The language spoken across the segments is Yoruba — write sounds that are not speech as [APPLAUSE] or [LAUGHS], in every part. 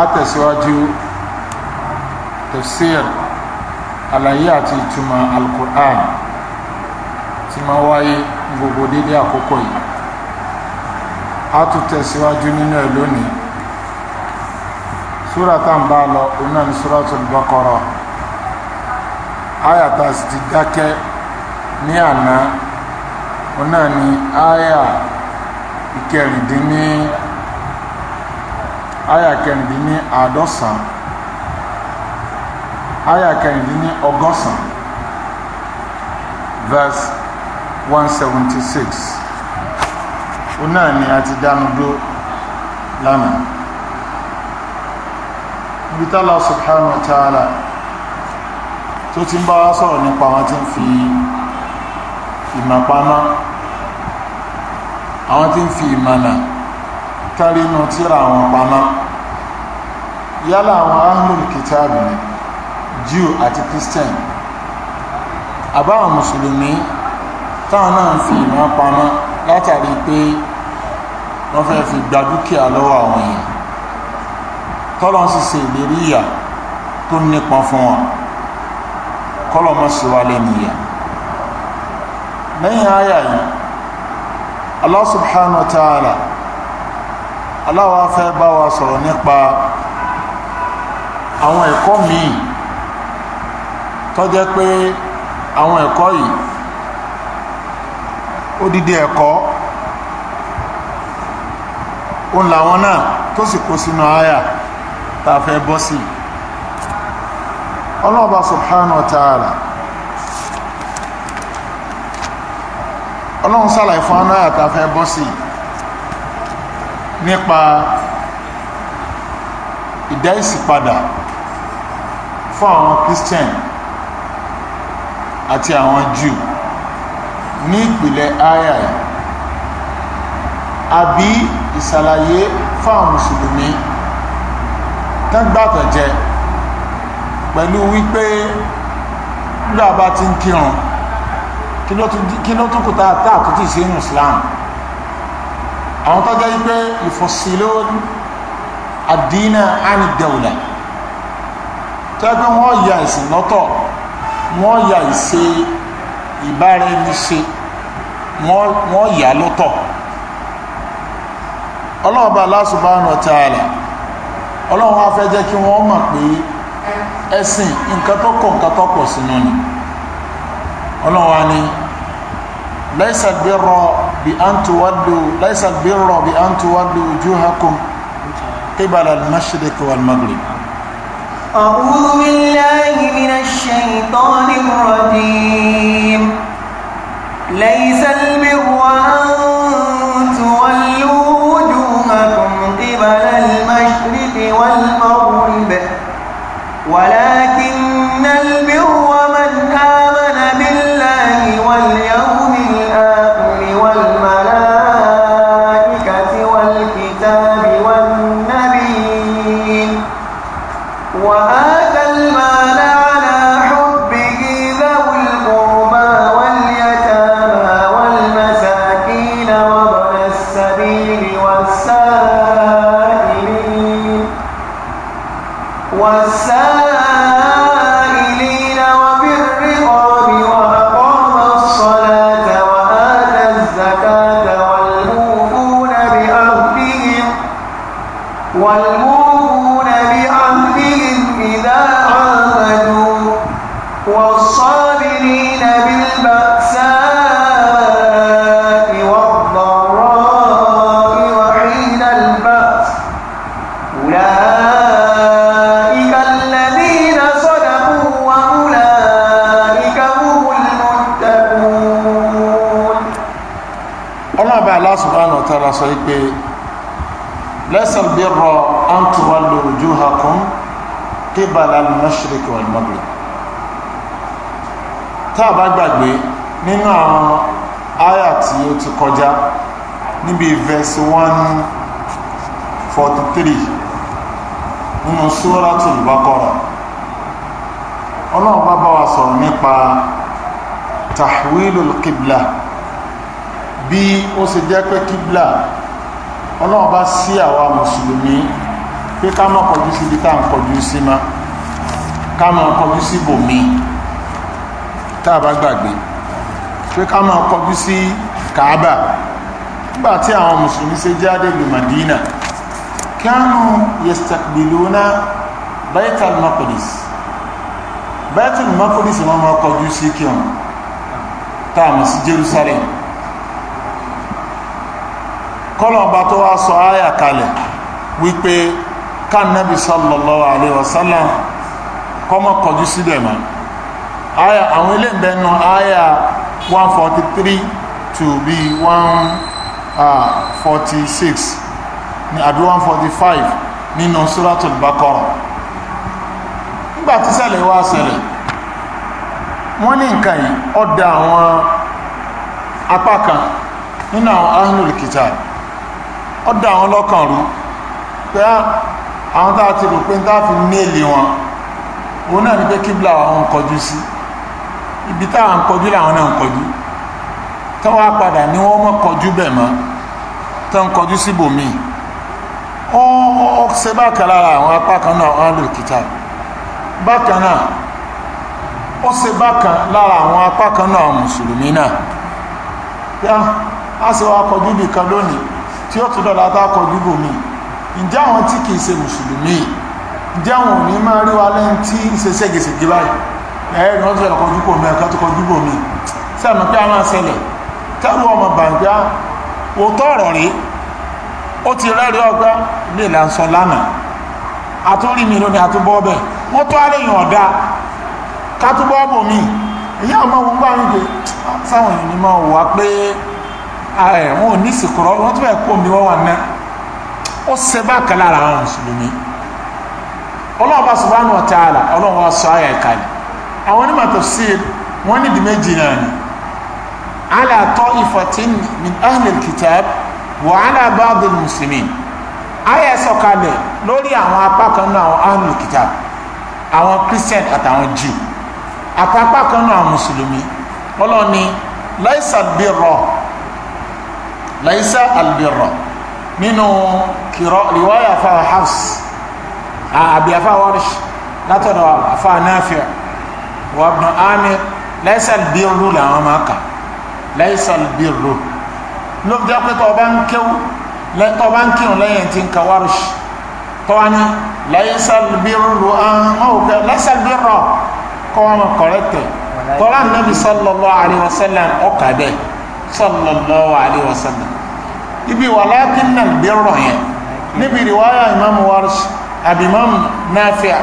àtẹ̀síwájú tafsir àlàyé àti ìtumọ̀ al-Qur'an tí ma wáyé gbogbo dédé àkókò yìí a tún tẹ̀síwájú nínú ẹ̀ lónìí súra tá ń bá lọ òun náà ni Suratul Baqara ayàtà sì ti dákẹ́ ní àná òun náà ni ayà ìkẹrìndínní aya kẹrìndín ní àádọ́sàn aya kẹrìndín ní ọgọ́sàn verse one seventy six ni a ti dánu dó lánàá níbi subhanahu wa ta'ala tó ti ń bá sọ̀rọ̀ nípa wọn ti ń fi àwọn ti ń fi kárí inú tíra àwọn yálà àwọn ahlul kitabi ni jew àti christian àbáwọn mùsùlùmí táwọn náà ń fi ìmọ̀ pamọ́ látàrí pé wọ́n fẹ́ fi gba dúkìá lọ́wọ́ àwọn èèyàn tọ́lọ́ sì ṣe ìlérí ìyà tó nípọn fún wọn kọ́lọ́ mọ́ sí lẹ́nu ìyà lẹ́yìn yìí nípa àwọn ẹ̀kọ́ míì tó jẹ́ pé àwọn ẹ̀kọ́ yìí odidi ẹ̀kọ́ ó làwọn náà tó sì kó sínú àyà tá a fẹ́ bọ́ sí ọlọ́ọ̀bá subhanahu wa ta'ala ọlọ́run sàlàyé fún aná àtàfẹ́ bọ́ sí nípa ìdá ìsìpadà fún àwọn christian àti àwọn jew ní ìpìlẹ̀ aya yìí àbí ìsàlàyé fún àwọn mùsùlùmí tágbàtẹ̀jẹ pẹ̀lú wípé nígbà bá ti ń kírun kí ló tún kò tá àtúntò tí ìsẹ́yìn islam àwọn tó jẹ́ wípé ìfọ̀sílò àdínà ánìdẹ̀wùlẹ̀ tẹ́gbẹ́ wọ́n ya ìsìn lọ́tọ̀ wọ́n ya ìṣe ìbáraẹniṣe wọ́n yà lọ́tọ̀ ọlọ́run bá Allah subhanahu wa ta'ala ọlọ́run á fẹ́ jẹ́ kí wọ́n mọ̀ pé ẹ̀sìn nǹkan tó kọ̀ nǹkan tó pọ̀ sínú ni ọlọ́run á ní laisa birra bi an tuwaddu laisa birra bi an tuwaddu wujuhakum qibala al-mashriq wal-maghrib أعوذ بالله من الشيطان الرجيم ليس البر أن تولوا وجوهكم قبل المشرق والمغرب ولكن وهذا qibala al-mashriq wal-maghrib tá a bá gbàgbé nínú àwọn àyà tí ó ti kọjá níbi verse one forty three nínú suratul baqara ọlọ́run bá bá wa sọ̀rọ̀ nípa tahwilul qibla bí ó ṣe jẹ́ pé qibla ọlọ́run bá sí àwa mùsùlùmí pé ká má kọjú síbi tá à ń kọjú sí máa ká máa kọjú sí bòmí tá a bá gbàgbé pé ká máa kọjú sí kaaba nígbà tí àwọn mùsùlùmí ṣe jáde lu madina kánú yastakbiluna baitul maqdis baitul maqdis wọn máa kọjú sí kí tá a mọ̀ sí jerusalem kọlọ̀ọ̀bá tó wá sọ áyà kalẹ̀ wípé kánàbí sallallahu alaihi wasallam kọ́mọ kọjú sílẹ̀ ma aya àwọn ilé aya one forty three to be one ah, forty six àbí one forty five nínú suratul Baqara nígbà tí ṣẹlẹ̀ wá ṣẹlẹ̀ wọ́n ní nǹkan yìí ọ̀dà àwọn apá kan nínú àwọn ahlul ah, a ti òun náà ni pé kíbla àwọn kọjú sí ibi táwọn ń kọjú làwọn náà ń kọjú tó padà ni wọ́n mọ́ kọjú bẹ̀ mọ́ tó ń kọjú síbòmíì ó ó ṣe bákan lára àwọn apá kan náà wọ́n lò kíta bákan náà ó ṣe bákan lára àwọn apá kan náà mùsùlùmí náà yá a sì wá kọjú bìkan lónìí tí ó tún dọ̀la tá a kọjú bòmíì ǹjẹ́ àwọn tí kì í ṣe mùsùlùmí yìí jẹ́wọ̀n ní máa rí wa lẹ́yìn tí ṣe ṣẹ́gẹ̀ṣẹ̀gẹ̀ báyìí ẹ̀ẹ́rì wọ́n tó a máa ṣẹlẹ̀ kẹ́rù ọmọ bàǹgbá òótọ́ ọ̀rọ̀ rí ó ti rẹ́rìí ọgbá lè là ń sọ lánàá àtúrí mi lónìí àtúbọ́ bẹ̀ wọ́n tó àlẹ́yìn ọ̀dá kátúbọ́ bò mí ìyá ọmọ wọn gbà ń gbé sáwọn èèyàn ni máa wà pé wọn ò ní ìsìnkúrọ́ wọ́n tó bẹ̀ kó mi wọ́n wà ná ó ṣe bá kan lára àwọn mùsùlùmí ọlọ́run bá subhanahu wa ta'ala ọlọ́run wa sọ ayẹ kalẹ̀ àwọn onímọ̀ tafsir wọ́n ní dìméjì náà ni ala ta'ifatin min ahli al-kitab wa ala ba'd al-muslimin ayẹ sọ̀kalẹ̀ lórí àwọn apá kan náà àwọn ahli al-kitab àwọn christian àtàwọn jew àtàpá kan náà àwọn mùsùlùmí ọlọ́run laisa albirra laisa albirra nínú kìrọ riwaya fa hafs àbí ah, afa warsh látọ̀dọ̀ afa nafi' wa ibn amir laysa albirru làwọn máa kà laysa albirru ló fi jẹ́ pé tọ́ ọba ń kéwù tọ́ ọba ń kírun lẹ́yìn tí ń ka warsh tọ́ wa ní laysa albirru àwọn laysa albirru kọ́ wọn kọ̀rẹ́tẹ̀ tọ́lá nàbì sallallahu alayhi wa sallam ọkà bẹ́ẹ̀ sallallahu alayhi wa sallam ibi walakin albirru yẹn níbi riwaya imam warsh abimam Nafi'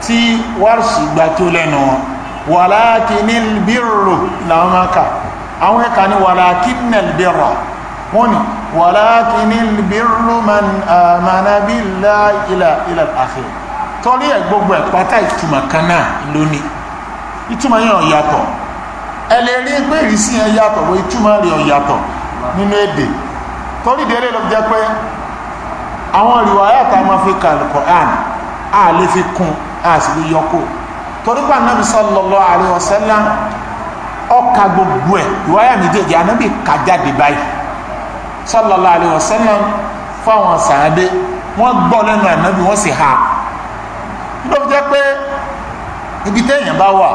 tí wárìsì gbà tó lẹ́nu wọn walakinil birru làwọn máa kà àwọn ẹ̀ka ní walakinil birra wọ́n ni walakinil birru man amana billahi ila ila al-akhir torí ẹ̀ gbogbo ẹ̀ pátá ìtumọ̀ kan náà lónìí ìtumọ̀ yẹn ò yàtọ̀ ẹ lè rí pé ìrísí yẹn yàtọ̀ wọ ìtumọ̀ rẹ̀ ò yàtọ̀ nínú èdè torí ìdẹ́rẹ́ ló jẹ́ pé àwọn riwaya tá máa fi ka Al-Qur'an a lè fi kún a sì lè yọkó torí pé anabi sallallahu alayhi wa sallam ọka gbogbo ẹ riwaya méjèèjì anabi kà jáde báyìí sallallahu alayhi wa sallam fáwọn sàádé wọ́n gbọ́ lẹ́nu ànábì wọ́n sì ha ló fi jẹ́ pé ibi téèyàn bá wà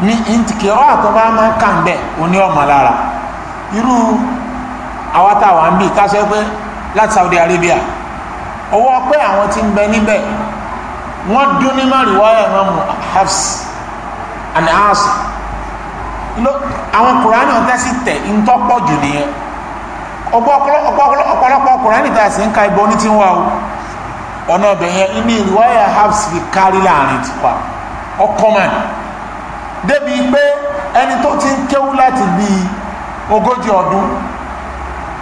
ní ìtìkìrọ́ àtọ́bá máa kà ń bẹ̀ oní ọmọ lára irú àwọn táwọn ń bì ká pé láti Saudi Arabia ọwọ́ pé àwọn tí ń bẹ níbẹ̀ wọ́n dún ní márìwáyà imamu hafs and asu àwọn kùránì ọ̀tẹ́ sì tẹ̀ ń tọ́pọ̀ jù nìyẹn ọ̀pọ̀lọpọ̀ kùránì tá a sì ń ka ibọ ní tí ń wá o ọ̀nà ọbẹ̀ yẹn ní ìwáyà hafs fi kárí láàrin tipa ọkọ mọ̀ débi pé ẹni tó ti ń kéwú láti bíi ogójì ọdún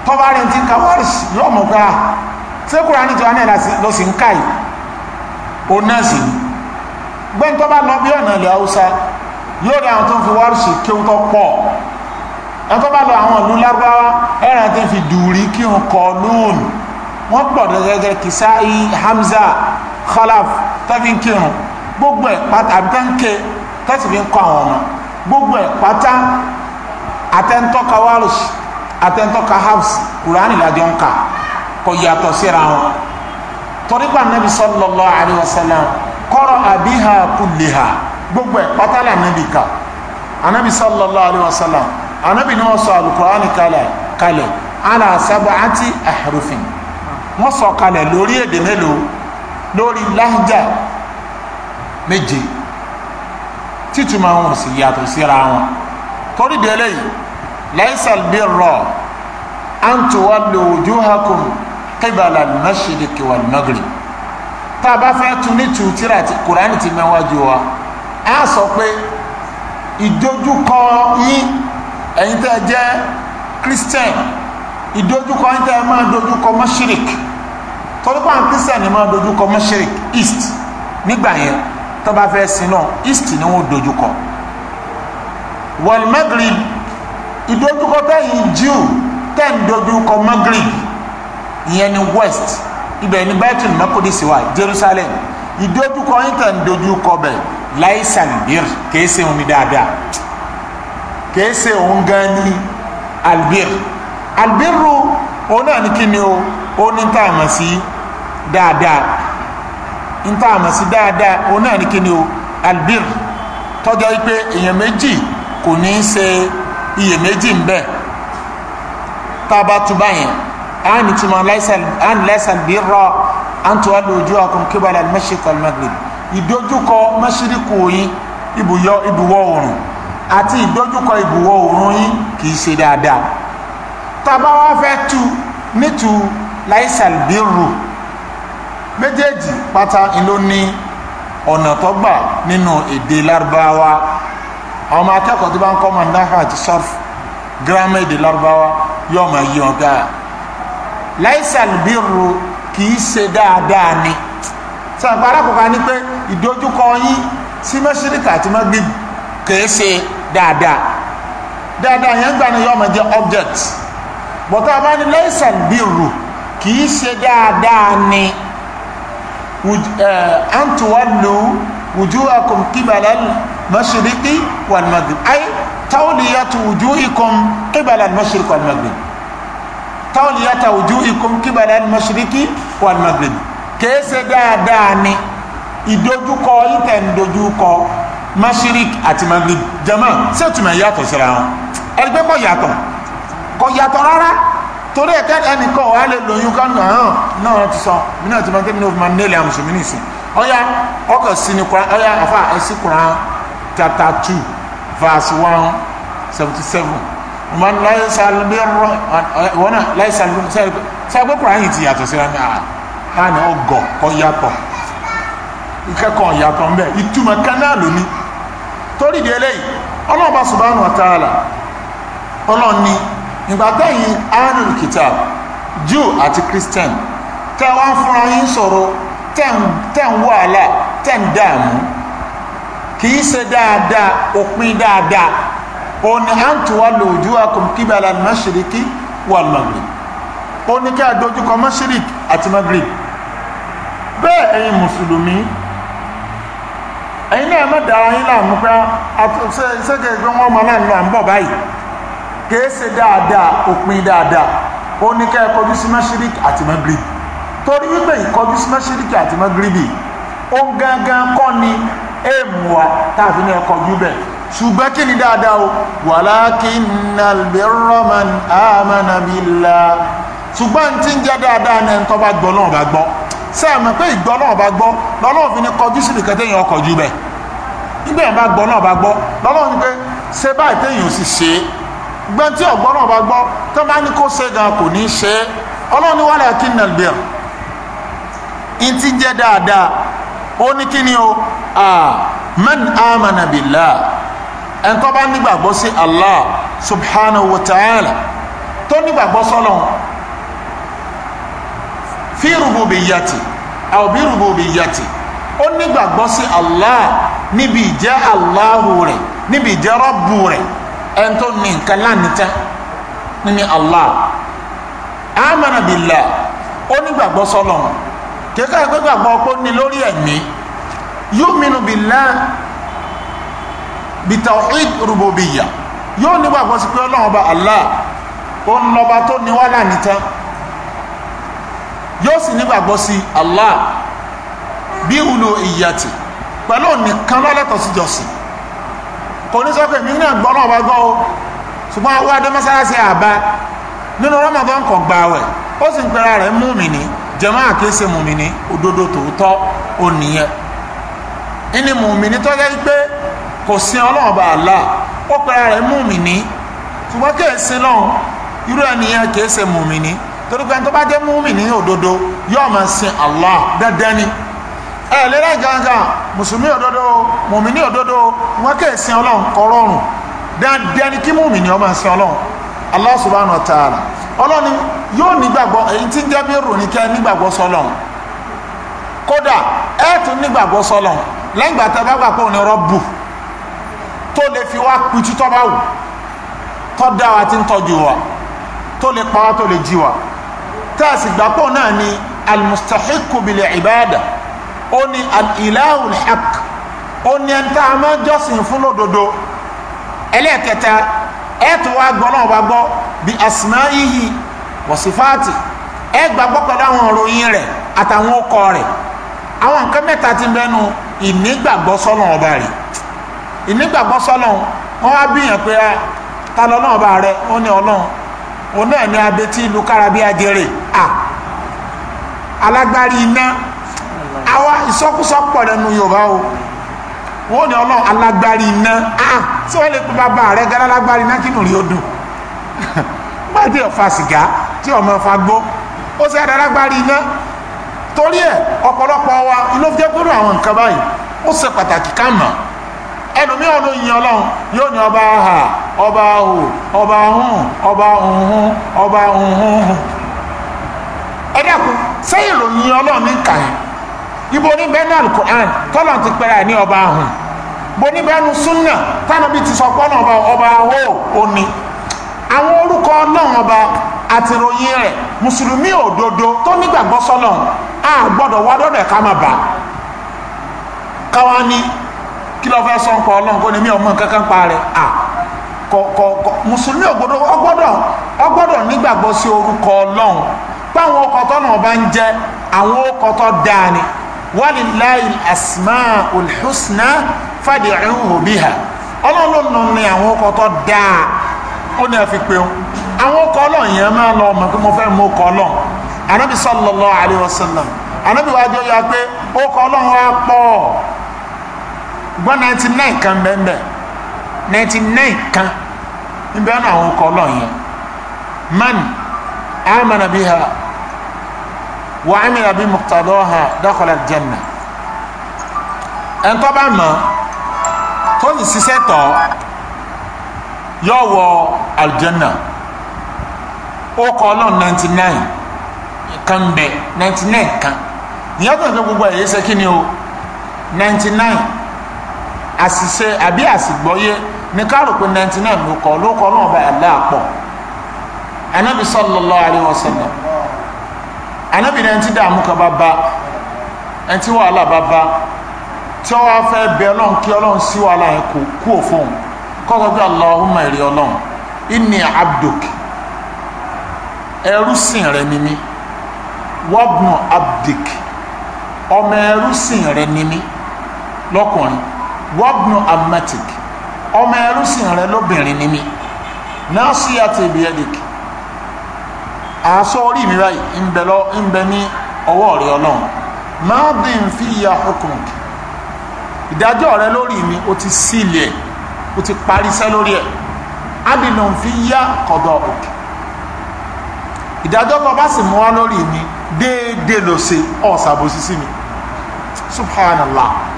tọ́bárin ti ń ka wárí yọ̀ọ̀mọ̀gbà ṣé kúránì tí wọ́n náà lọ sí ń káyì òun náà sì ni gbẹ́ni tó bá lọ bí ọ̀nà ilẹ̀ haúsá yóò rí àwọn tó ń fi wárìsì kí wọ́n tó pọ̀ ẹ tó bá lọ àwọn ìlú lárúbáwá ẹ̀ràn tó ń fi dùrí kí wọ́n kọ lóònù wọ́n pọ̀ gẹ́gẹ́ kìsáì hamza khalaf tẹ́fi ń kírun gbogbo ẹ̀ pátá àbí tẹ́ǹkẹ́ tẹ́sì fi ń kọ àwọn ọmọ gbogbo ẹ̀ pátá àtẹ́ntọ́ka wárìsì àtẹ́ntọ́ka hafs kùránì lájọ ń kà á kò yàtọ̀ síra wọn torí pé anabi sallallahu alayhi wa sallam kọ́rọ̀ àbíhà kulliha gbogbo ẹ̀ pátálà anabi ká anabi sallallahu alayhi wa sallam anabi ni wọ́n sọ alukur'ani kalẹ̀ kalẹ̀ ala sab'ati ahrufin wọ́n sọ kalẹ̀ lórí èdè mélòó lórí láhjà méje títúmọ̀ wọn sì yàtọ̀ síra wọn torí délé yìí laisal birra an tuwallu wujuhakum qibala al-mashriqi wal-maghrib tá a bá fẹ́ tún ní tu tíra tí kùránì ti mẹ́wájú wa á sọ pé ìdojúkọ yín ẹ̀yin tẹ́ jẹ́ christian ìdojúkọ yín tẹ́ máa dojúkọ mashriq torí pa àwọn christian máa dojúkọ mashriq east nígbà yẹn tó bá fẹ́ sin náà east ni wọ́n dojúkọ wal-maghrib ìdojúkọ Jew tẹ́ ń dojúkọ maghrib ìyẹn ni west ibẹ̀ ni baitul makudisi wa jerusalem ìdojúkọ yín tẹ̀ ń dojúkọ bẹ̀ láìsàn albir kìí ṣe òun ni dáadáa kìí òun gan ni albir albiru òun náà ni kí ni o ó ní tá a sí dáadáa ní sí dáadáa òun náà ni kí o albir tọ́jọ́ wípé èèyàn méjì kò ní í ṣe iyèméjì ń bẹ tá a ani tuma laisal an laisal birra an tuwallu wujuhakum qibala al-mashriq wal maghrib ìdojúkọ mashiriku yín ibùyọ ibùwọ̀ oòrùn àti ìdojúkọ ibùwọ̀ oòrùn yín kì í ṣe dáadáa tàbá wá fẹ́ tu nítú laisal birru méjèèjì pátá ló ní ọ̀nà tó gbà nínú èdè lárúbáwá ọmọ akẹ́kọ̀ọ́ tó bá ń kọ́ mọ̀ náà àti sọ́ọ̀fù gírámà èdè lárúbáwá yóò máa yí wọn laisal birru kìí ṣe dáadáa ni sọ̀rọ̀ alákọ̀ọ́kọ́ ni pé ìdojúkọ yín sí mẹ́síríkà àti magrib kìí ṣe dáadáa dáadáa yẹn gbà ní yọ ọmọ jẹ object bọ̀tá bá ní laisal birru kìí ṣe dáadáa ni antuwallu wujuhakum qibala al-mashriqi wal-maghrib ay tawliyatu wujuhikum qibala al-mashriqi wal-maghrib tawliyata wujuhikum qibala al-mashriqi wal-maghribi kèé ṣe dáadáa ni ìdojúkọ ìtẹ̀ ń dojúkọ mashirik àti magrib jama ṣé tùmọ̀ yàtọ̀ síra wọn ẹni pé kò yàtọ̀ kò yàtọ̀ rárá torí ẹ̀ka ẹnìkan wà lè lóyún kan náà náà ti sọ mí náà ti máa kébí ní òfin máa nílẹ̀ àmùsùnmí nìsín ọ̀ya ọkọ̀ sí ni kura ọ̀ya àfa ẹ̀sìn kura chapter two verse one man laisalbirro eh, wọn náà laisalbirro sẹ́gbẹ́ kura yìí ti yàtọ̀ síra ní àná àná ọgọ̀ kọ́ yàtọ̀ ìkẹ́kọ̀ọ́ yàtọ̀ ń bẹ̀ ìtumọ̀ kan náà lónìí torí di eléyìí ọlọ́ọ̀bá subhanahu wa ta'ala ọlọ́ọ̀ni ìgbà tẹ́yìn ahlul kitab jew àti christian tẹ́ wá ń fúnra yín sọ̀rọ̀ tẹ́ ń wàhálà tẹ́ ń dààmú kì í ṣe dáadáa òpin dáadáa ó ní à ń tún wá lò mashiriki wal maghrib ó ní kí a dojúkọ ati àti maghrib bẹ́ẹ̀ ẹ̀yin mùsùlùmí ẹ̀yin náà má dára yín láàmú pé ṣẹ́gẹ̀ pé wọ́n mọ̀ náà ń lọ à ń bọ̀ báyìí kìí ṣe dáadáa òpin dáadáa ó ní kí a kọjú sí mashirik àti maghrib torí wípé ìkọjú sí mashirik àti maghrib ó ń gángan kọ́ ni èèmù e wa táàfin ní ẹkọjú bẹ́ẹ̀ ṣùgbọ́n kí ni dáadáa o walakinnal birra man amana billah ṣùgbọ́n tí ń jẹ́ dáadáa ní ẹni tó bá gbọ́ náà bá gbọ́ sẹ́ẹ̀mù pé ìgbọ́ náà bá gbọ́ lọ́lọ́run fi ní kọjú sí nìkan téèyàn ọkọ̀ jù bẹ̀ nígbà yẹn bá gbọ́ náà bá gbọ́ lọ́lọ́run ní pé ṣe báyìí téèyàn sì ṣe é gbọ́n tí ọ̀gbọ́ náà bá gbọ́ tó bá ní kó ṣe gan kò ní ṣe é ọlọ́run ní walakinnal birra ń ti jẹ́ dáadáa ó ní kí ni o man amana billah ẹn tó bá nígbàgbọ́ sí Allah subhanahu wa ta'ala tó nígbàgbọ́ sọ́lọ́n fi rububiyyati aw bi rububiyyati ó nígbàgbọ́ sí Allah níbi ìjẹ́ Allahu rẹ̀ níbi ìjẹ́ Rabbu rẹ̀ ẹn tó ní nǹkan lánìtẹ́ nínú Allah amana billah ó nígbàgbọ́ sọ́lọ́n kéka ìgbàgbọ́ pé ó ní lórí ẹ̀mí yu'minu billah bi tawhid rububiyyah yóò nígbàgbọ́ sí pé ọlọ́run ọba allah ó ń lọ́ba tó ní wá náà yóò sì nígbàgbọ́ sí allah bí uluhiyyati pẹ̀lú nìkan lọ́lẹ́tọ̀ sí jọ̀sìn kò ní sọ pé mi náà gbọ́ náà bá gbọ́ o ṣùgbọ́n àwọn adé mọ́sálásí àbá nínú ramadan kan gba awẹ̀ ó sì ń pera rẹ̀ mùmínì jàmáà àkéṣe mùmínì òdodo tòótọ́ ò nìyẹn ìní mùmínì tó jẹ́ pé kò sin ọlọ́run bá àlá ó pẹ́ra rẹ̀ mùmìnì ṣùgbọ́n kì í lọ́hùn irú ẹnìyẹn kì í ṣe mùmìnì torí pé tó sin Allah dandan ni ẹ lérà gangan mùsùlùmí òdodo mùmìnì òdodo kì í ọlọ́run rọrùn dandan ni kí ọlọ́run Allah subhanahu wa ta'ala yóò nígbàgbọ́ èyí tí ń jẹ́ bí kẹ́ nígbàgbọ́ sọlọ́run kódà tún nígbàgbọ́ sọlọ́run lẹ́yìn bá gbà tó lè fi wá pitú tọ́ bá wù tọ́ dá wa tí ń tọ́jú wa tó lè pa wá tó lè jí wa tá a sì gbà pọ̀ náà ni almustahiku bilẹ̀ ibada ó ní alilahul haq ó ní ẹni tá a máa jọ́sìn fún lódodo ẹlẹ́ẹ̀kẹta ẹ̀ tó wá gbọ́ náà wá gbọ́ bí asma'ihi wọ̀sífáàtì ẹ gbàgbọ́ pẹ̀lú àwọn òròyìn rẹ̀ àtàwọn ọkọ rẹ̀ àwọn nǹkan mẹ́ta ti bẹnu ìnígbàgbọ́ ọba rẹ̀ ìnígbàgbọ́ sọ́lọ́n wọ́n á bíyàn pé ah, ta lọ náà bá rẹ ó ní ọlọ́run òun náà ní abetí ìlú kárabi ajere à alágbárí iná àwa ìsọkúsọ pọ̀ lẹ́nu yorùbá o wọ́n ní ọlọ́run alágbárí iná à tí wọ́n lè pe bàbá rẹ gẹ́gẹ́ alágbárí iná kí nù rí o dùn gbàdé ọ̀fà sìgá tí ọmọ fa gbó ó sì adálágbárí iná torí ẹ̀ ọ̀pọ̀lọpọ̀ wa ló fi jẹ́ gbọ́dọ̀ àwọn nǹkan báyìí ó ṣe pàtàkì ká mọ̀ ẹnùmí ọ̀nà ìyìn ọlọ́run yóò ní ọba ahà ọba ahò ọba ahùn ọba ahùnhùn ọba ahùnhùn ẹ dákun sẹ́yìn ìròyìn ọlọ́run ní kàá ibo ní bẹ́ẹ̀ni alukur'an tọ́lọ̀ ti pẹ́ra ẹ̀ ní ọba ahùn bo ní bẹ́ẹ̀nu súnà ti sọ pọ́nà ọba ọba ahò òní àwọn orúkọ ọba àti ìròyìn rẹ̀ mùsùlùmí òdodo tó nígbàgbọ́ a ẹ̀ ká kí ló fẹ́ sọ nǹkan ọlọ́run kó ni mí ọmọ nǹkan kan à kọ̀ọ̀kọ̀ mùsùlùmí ògbódò ọgbọ́dọ̀ ọgbọ́dọ̀ nígbàgbọ́ sí orúkọ ọlọ́run páwọn ọkọ̀ tọ́nà ọba ń jẹ́ àwọn ọkọ̀ tọ́ dáa ni husna fad'uhu biha ọlọ́run ló àwọn ọkọ̀ tọ́ dáa ó ní gbọ́n 99 nine kan bẹ́ẹ̀ ninety nine kan níbẹ̀ náà àwọn ọkọ̀ ọlọ́ọ̀ yẹn man amana biha wa amila bi muqtadaha dakhala aljanna ẹ̀ńtọ́ bá mọ̀ tó sì ṣiṣẹ́ tọ̀ yọ wọ aljanna ó kọ ọlọ́ọ̀ ninety nine kan bẹ́ẹ̀ ninety kan ìyàtọ̀ ní gbogbo ẹ̀yẹ́sẹ̀ kí ni o ninety àṣìṣe àbí àṣìgbọ́yé ní kárò pé ninety nine ló kọ́ ló kọ́ lóun bá Allah pọ̀ anabi sallallahu alayhi wa sallam anabi náà ti dààmú kan bá ba ẹ ti wàhálà bá ba tí wọ́n á fẹ́ bẹ ọlọ́run kí ọlọ́run sí wàhálà yẹn kó kú òfóun kọ́kọ́ bí Allahumma èrè ọlọ́run inni abduk ẹrú sìn rẹ ni mí abdik ọmọ ẹrú sìn rẹ ni lọ́kùnrin wabnu amatik ọmọ ẹrúsìn rẹ lóbìnrin ni mi náà sí àti ibi ẹdìkì aṣọ orí mi báyìí ń bẹ ní ọwọ́ rẹ ọlọ́run máa bí fi ya okùn ìdájọ́ rẹ lórí mi o ti sílì ẹ̀ o ti parí iṣẹ́ lórí ẹ̀ abinu n fi ya kọ̀dọ̀ òkè ìdájọ́ bàbá sì mú wá lórí mi déédéé lò ṣe ọ̀sàbòsí sí mi subhanallah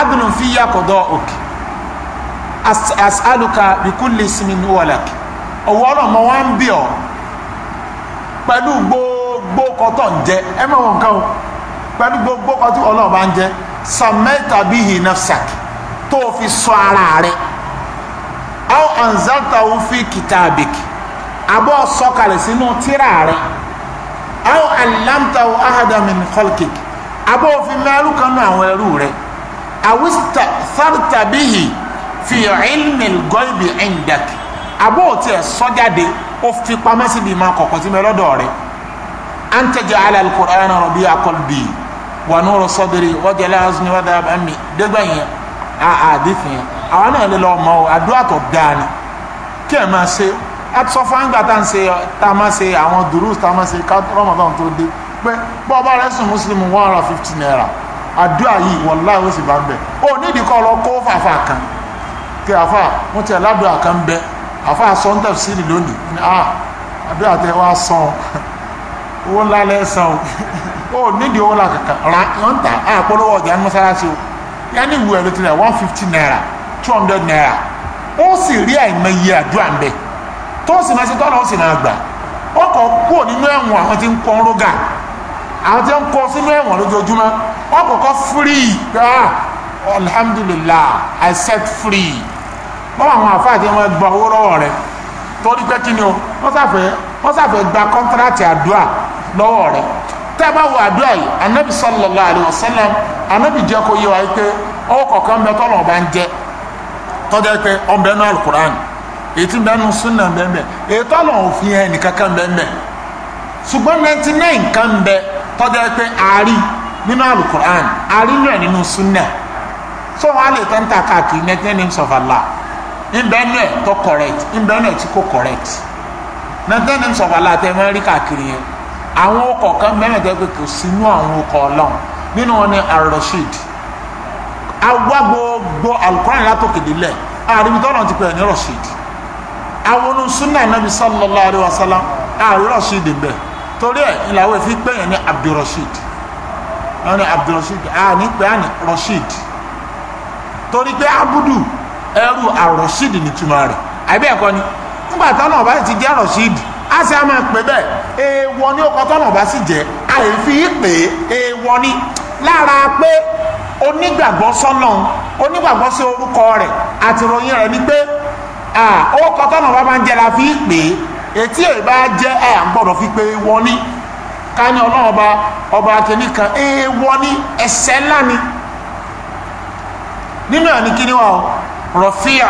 abinu fi ya kọdọ òkè asaluka bikulli ismin huwa lak ọwọ ọlọmọ wa ń bí ọ pẹ̀lú gbogbo kọtọ ń jẹ ẹ má wọn kàn o pẹ̀lú gbogbo kọtọ ọlọmọ ń jẹ samaita bihi nafsak tó o fi sọ ara rẹ̀ aw anzaltahu fi kitabik abọ sọ̀kalẹ̀ sínú tírà rẹ̀ aw allamtahu ahada min khalqik abọ òfin mẹrù kan àwọn ẹrú rẹ̀ àwòsítà sártàbíyì fi ilmi gọ́ìbì indak àbọ̀ òtí ẹ̀ sọ́jáde ó fi pamọ́ síbi ìmọ̀ kọ̀kọ́ sí mi lọ́dọ̀ rẹ̀ antẹ̀jẹ̀ alẹ́ alukur'an rọ̀bí akọ́lbì wà ní ọ̀rọ̀ sọ́dẹ̀rẹ̀ wọ́jẹ̀ láàzùn wọ́n dáa bá mi dégbà yẹn àdìfín yẹn àwọn náà lè lọ ọmọ o àdúrà tó dáa ni kí ẹ̀ máa ṣe ẹ sọ fún àgbà tá a máa ṣe àwọn dùrú tá a máa ṣe ká rọmọdán tó dé pé bọ́ọ̀ bá rẹ̀ sùn one hundred fifty naira àdúrà yìí wàláhì ó sì bá ń bẹ̀ ó nídìí kọ́ lọ kó fàáfà kan pé àfà wọ́n ti aládùúrà kan bẹ àfà sọ́n tafsiri lónìí ní à àdúrà tẹ wá sàn owó ńlá lẹ́sàn ó nídìí owó ńlá kankan ra wọ́n ta àpolówó ọjà ní mọ́sálásí o yẹ́nì ìwé ẹ̀rọ tilẹ̀ one fifty naira two hundred naira ó sì rí àìmọye àdúrà ń bẹ tó sì máa ṣe tọ́lá ó sì máa gbà ọkọ̀ kúrò nínú ẹ̀wọ̀n àwọn tí ń kọ́ ń rógà àwọn tí ń kọ́ sínú ẹ̀wọ̀n lójoojúmọ́ ọkọ̀kọ́ free ah alhamdulillah i set free bọ́n àwọn àfáàdé wọn gba owó lọ́wọ́ rẹ torí pé kí ni o wọ́n sàfẹ́ wọ́n sàfẹ́ gba kọ́ńtàràtì àdúrà lọ́wọ́ rẹ tẹ́ bá wo àdúrà yìí anabi sallallahu alayhi wa sallam anabi jẹ́ kó yé wa yìí pé ọwọ́ kọ̀ọ̀kan bẹ tọ́lọ̀ ọba ń jẹ́ tọ́jà pé ọbẹ̀ nù alukur'an ètí bẹ́ẹ̀ nù sunna bẹ́ẹ̀ bẹ́ẹ̀ ètò ọ̀nà òfin ẹ̀ nìkankan bẹ́ẹ̀ bẹ́ẹ̀ ṣùgbọ́n ninety nine kan bẹ́ẹ̀ tọ́jà pé àárí nínú alukur'an àrílò ẹ̀ nínú sunna so wọn á lè tán ta káàkiri nineteen names of allah nbẹ nù ẹ tó correct nbẹ nù ẹ tí kò correct nineteen names of allah tẹ mọ káàkiri yẹn àwọn ọkọ kan mẹ́rin tẹ pé kò sínú àwọn ọkọ ọlọ́run nínú wọn ni arashid awa gbogbo alukur'an látòkè délẹ̀ àríbi ti pè ní rashid àwọn onísúnà nàbí sallallahu alayhi wa sallam àrí rashid bẹ́ẹ̀ torí ẹ̀ ìlàwọ̀ fi pè yẹn ní abdulrasheed wọn ni abdulrasheed a ní pé àní rasheed torí pé abudu ẹrú arasheed ní túmọ̀ rẹ̀ àbí ẹ̀kọ́ ni nígbà tọ́nà ọba ti jẹ́ rasheed a sì máa pè bẹ́ẹ̀ èèwọ̀ ni ọkọ̀ tọ́nà ọba sì jẹ́ àìfi pé èèwọ̀ ni lára pé onígbàgbọ́ sọ́nà onígbàgbọ́ sí orúkọ rẹ̀ àti ròyìn rẹ̀ ni pé ó kọ́ tọ́nà ọba máa ń jẹ́ la fi pè é etí ẹ̀ bá jẹ́ ẹ̀ à ń gbọ́dọ̀ fi pé wọ́n ní ká ní ọlọ́run ọba ọba kìíní kan èèwọ̀ ní ẹ̀ṣẹ̀ ńlá ni nínú ẹ̀ ní kíní wa rọ̀fíà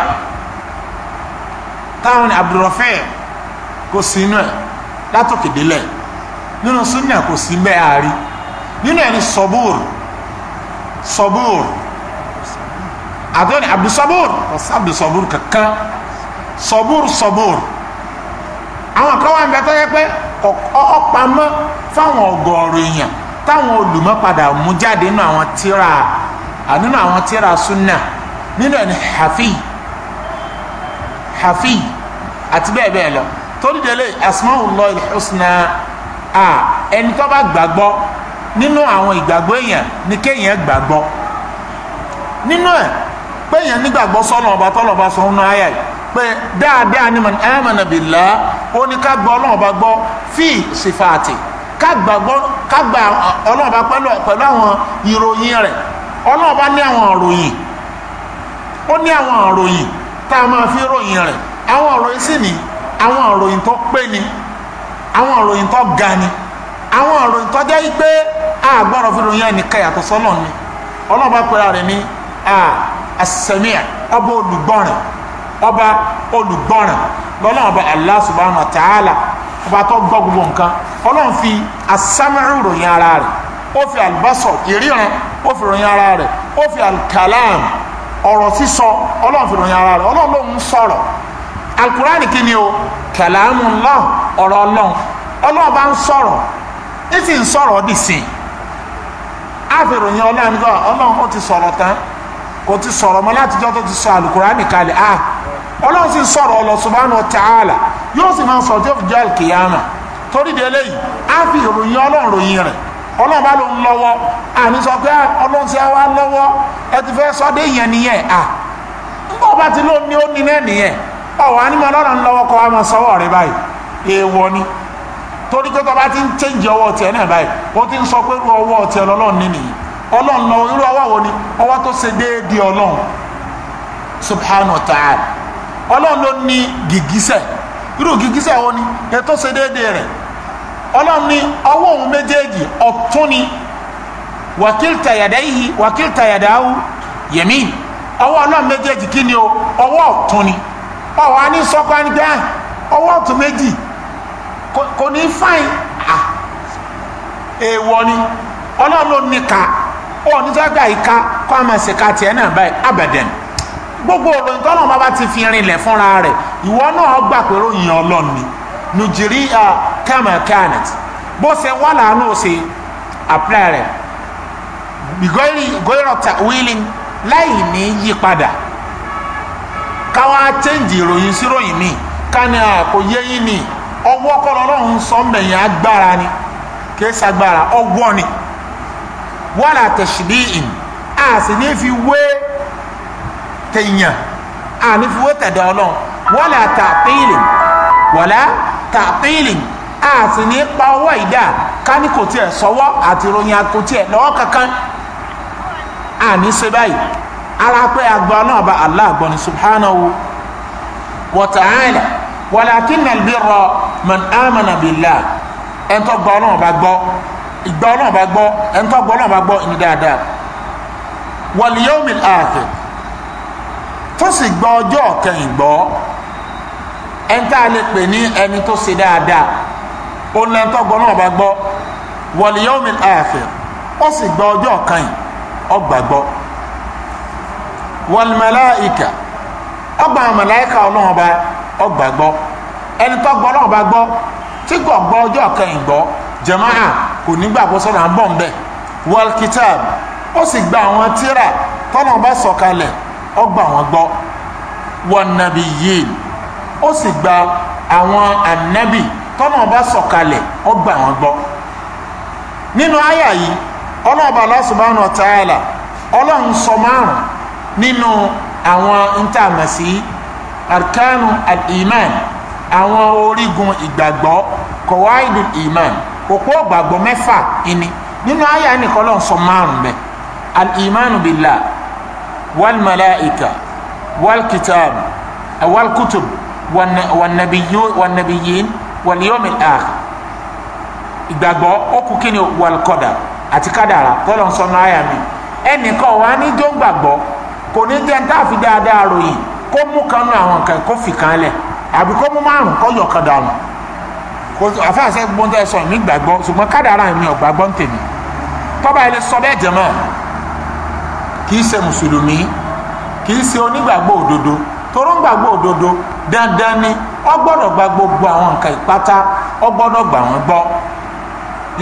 táwọn abdulrọ̀fẹ́ kò sí inú ẹ̀ látòkè délẹ̀ nínú súnà kò sí bẹ́ẹ̀ àárí nínú ẹ̀ ní sọ́bùr sọ́bùr àtọ́ni abdulsọ́bùr ọ̀sán abdulsọ́bùr kankan sọ́bùr sọ́bùr àwọn kan wà ń bẹ tó yẹ pé ọ̀pamọ́ fáwọn ọgọ́rùn èèyàn táwọn olùmọ̀padà mú jáde nínú àwọn tíra nínú àwọn tíra súnà nínú ẹni hafi hafi àti bẹ́ẹ̀ bẹ́ẹ̀ lọ torí délé asmaullahil husna a ẹni tó bá gbàgbọ́ nínú àwọn ìgbàgbọ́ èèyàn ni kéèyàn gbàgbọ́ nínú ẹ̀ pé èèyàn nígbàgbọ́ sọ́nà ọba tọ́nà ọba sọ ọ́nà ayà yìí pé dáadáa ni man ó ní ká gbọ́ ọlọ́run gbọ́ fíì sífàtì kágbàgbọ́ kágbà ọlọ́run bá pẹ̀lú pẹ̀lú àwọn ìròyìn rẹ̀ ọlọ́run bá ní àwọn ìròyìn ó ní àwọn ìròyìn tá a máa fi ròyìn rẹ̀ àwọn ìròyìn sì ní àwọn ìròyìn tó pé ni àwọn ìròyìn tó ga ni àwọn ìròyìn tó jẹ́ pé a gbọ́dọ̀ fi ròyìn ẹnìkan yàtọ̀ sọ́nà ni ọlọ́run bá pẹ̀lú rẹ̀ ní àṣẹmíà ọba olùgbọ́rin ọba olùgbọ́ràn lọ́lọ́run ọba Allah subhanahu wa ta'ala ọba tó gbọ́ gbogbo nǹkan ọlọ́run fi asámẹ́rù ròyìn ara rẹ̀ ó fi àlùbọ́sọ̀ ìríran ó fi ròyìn ara rẹ̀ ó fi alkalam ọ̀rọ̀ sísọ ọlọ́run fi ròyìn ara rẹ̀ ọlọ́run ló ń sọ̀rọ̀ alukurani kí ni o kalamullah ọ̀rọ̀ ọlọ́run ọlọ́run bá ń sọ̀rọ̀ ní sì ń sọ̀rọ̀ dì sí i fi ròyìn ọlọ́run ọlọ́run ó ti sọ̀rọ̀ tán kò ti sọ̀rọ̀ mọ́ láti jọ́ tó ti sọ àlùkùránì kalẹ̀ a ah, ọlọ́run sì ń sọ̀rọ̀ ta'ala yóò sì máa sọ̀rọ̀ tó fi àlùkìyàmà torí de eléyìí fi ìròyìn ọlọ́run ròyìn rẹ̀ ọlọ́run bá ló ń lọ́wọ́ àní sọ pé ah, ọlọ́run ti wá lọ́wọ́ ẹ ti fẹ́ sọ nìyẹn ah, bá ti ló ní ó ní náà nìyẹn ọ̀wọ́ ọlọ́run lọ́wọ́ kọ́ wa máa sọ́wọ́ ni torí pé ti ń ọwọ́ tiẹ̀ náà báyìí ọlọ́run irú ọwọ́ wo ni ọwọ́ tó ṣe déédéé ọlọ́run subhanahu ta'ala ọlọ́run ní gìgísẹ̀ irú gìgísẹ̀ wo ni ètò ṣe déédéé rẹ̀ ọlọ́run ní ọwọ́ òun méjèèjì ọ̀tún ni wàkíltà yàdáyìí wàkíltà yàdáwù yẹ̀mí ọwọ́ ọlọ́run méjèèjì kí ni o ni ọwọ́ ní ọ ní sọ́jà ìka kọ́ àmọ́ ṣèkà tiẹ̀ náà báyìí abẹ̀dẹ̀n gbogbo òròyìn tọ́nà ọba bá ti fi rinlẹ̀ fúnra rẹ̀ ìwọ náà gbà pé ròyìn ọlọ́run ni nùjírí kama kanat bó ṣe wà láàánú ṣe apply rẹ̀ gbìgọ́rọ̀ wheeling láì ní yí padà káwá change ìròyìn sí ròyìn míì kánà kò yéyìn ni ọwọ́ kọ́ lọ́rùn sọ́mbẹ̀yìn agbára ni kì í ṣagbára ọwọ́ ni. wala tashbi'in a sì ní fi wé tẹ̀yàn a ní fi wé tẹ̀dọ̀ ọlọ́run wala ta'tilin wala ta'tilin a sì ní pa ọwọ́ ìdá kání kò tiẹ̀ sọ́wọ́ àti ìròyìn àkó tiẹ̀ lọ́wọ́ kankan a ní ṣe báyìí ara pé àgbà náà bá Allah gbọ́ni subhanahu wa ta'ala walakinna al man amana billah ẹ̀ńtọ́ gbọ́ náà bá gbọ́ ìgbà ọlọ́run bá gbọ́ ẹni tó gbọ́ ọlọ́run bá gbọ́ ìní dáadáa wal yawmil akhir tó sì gbọ́ ọjọ́ kẹyìn gbọ́ ẹni tá a lè pè ní ẹni tó ṣe dáadáa ó lẹ́ ẹni tó gbọ́ ọlọ́run bá gbọ́ wal yawmil akhir ó sì gbọ́ ọjọ́ kẹyìn ọgbà gbọ́ wal malaika ọgbà màláìka ọlọ́run bá ọgbà gbọ́ ẹni tó gbọ́ ọlọ́run bá gbọ́ tí kò gbọ́ ọjọ́ kẹyìn gbọ́ jàmáà kò nígbàgbọ́ sọ́nà à ń bọ̀ ń bẹ̀ wal kitab ó sì gba àwọn tíra tọ́nà bá sọ̀kalẹ̀ ó gbà wọ́n gbọ́ wan nabiyyin ó sì gba àwọn ànábì tọ́nà bá sọ̀kalẹ̀ ó gbà wọ́n gbọ́ nínú àyà yìí ọlọ́ọ̀bà Allah subhanahu wa ta'ala ọlọ́run sọ márùn nínú àwọn ntàmẹ̀sí arkanu al-iman àwọn orígun ìgbàgbọ́ kọ̀wáìdù iman. Al òpó ìgbàgbọ́ mẹ́fà ìní nínú àyà nìkan ló ń sọ márùn bẹ́ẹ̀ al-imanu billah wal malaika wal kitab wal kutub wal nabiyyin wal yawmil akhir ìgbàgbọ́ ọkùn kí ni wal qadar àti kádàrà tọ́lọ̀ sọ náà àyà mi ẹnìkan wa ní jó ń kò ní jẹ́ tá fi dáadáa ròyìn kó mú kan àwọn kan kó fi kan lẹ̀ àbí kó mú márùn kó yọ̀ kan dànù àfáàṣẹ gbọ́n tẹ́ sọ mí gbàgbọ́ ṣùgbọ́n kádàrá mi ò gbàgbọ́ ń tèmi tọ́ba ẹni sọ bẹ́ẹ̀ jẹ́ mọ́ kì í ṣe mùsùlùmí kì í ṣe onígbàgbọ́ òdodo toró ń gbàgbọ́ òdodo dandan ni ó gbọ́dọ̀ gba gbogbo àwọn nǹkan ìpátá ó gbọ́dọ̀ gbà wọ́n gbọ́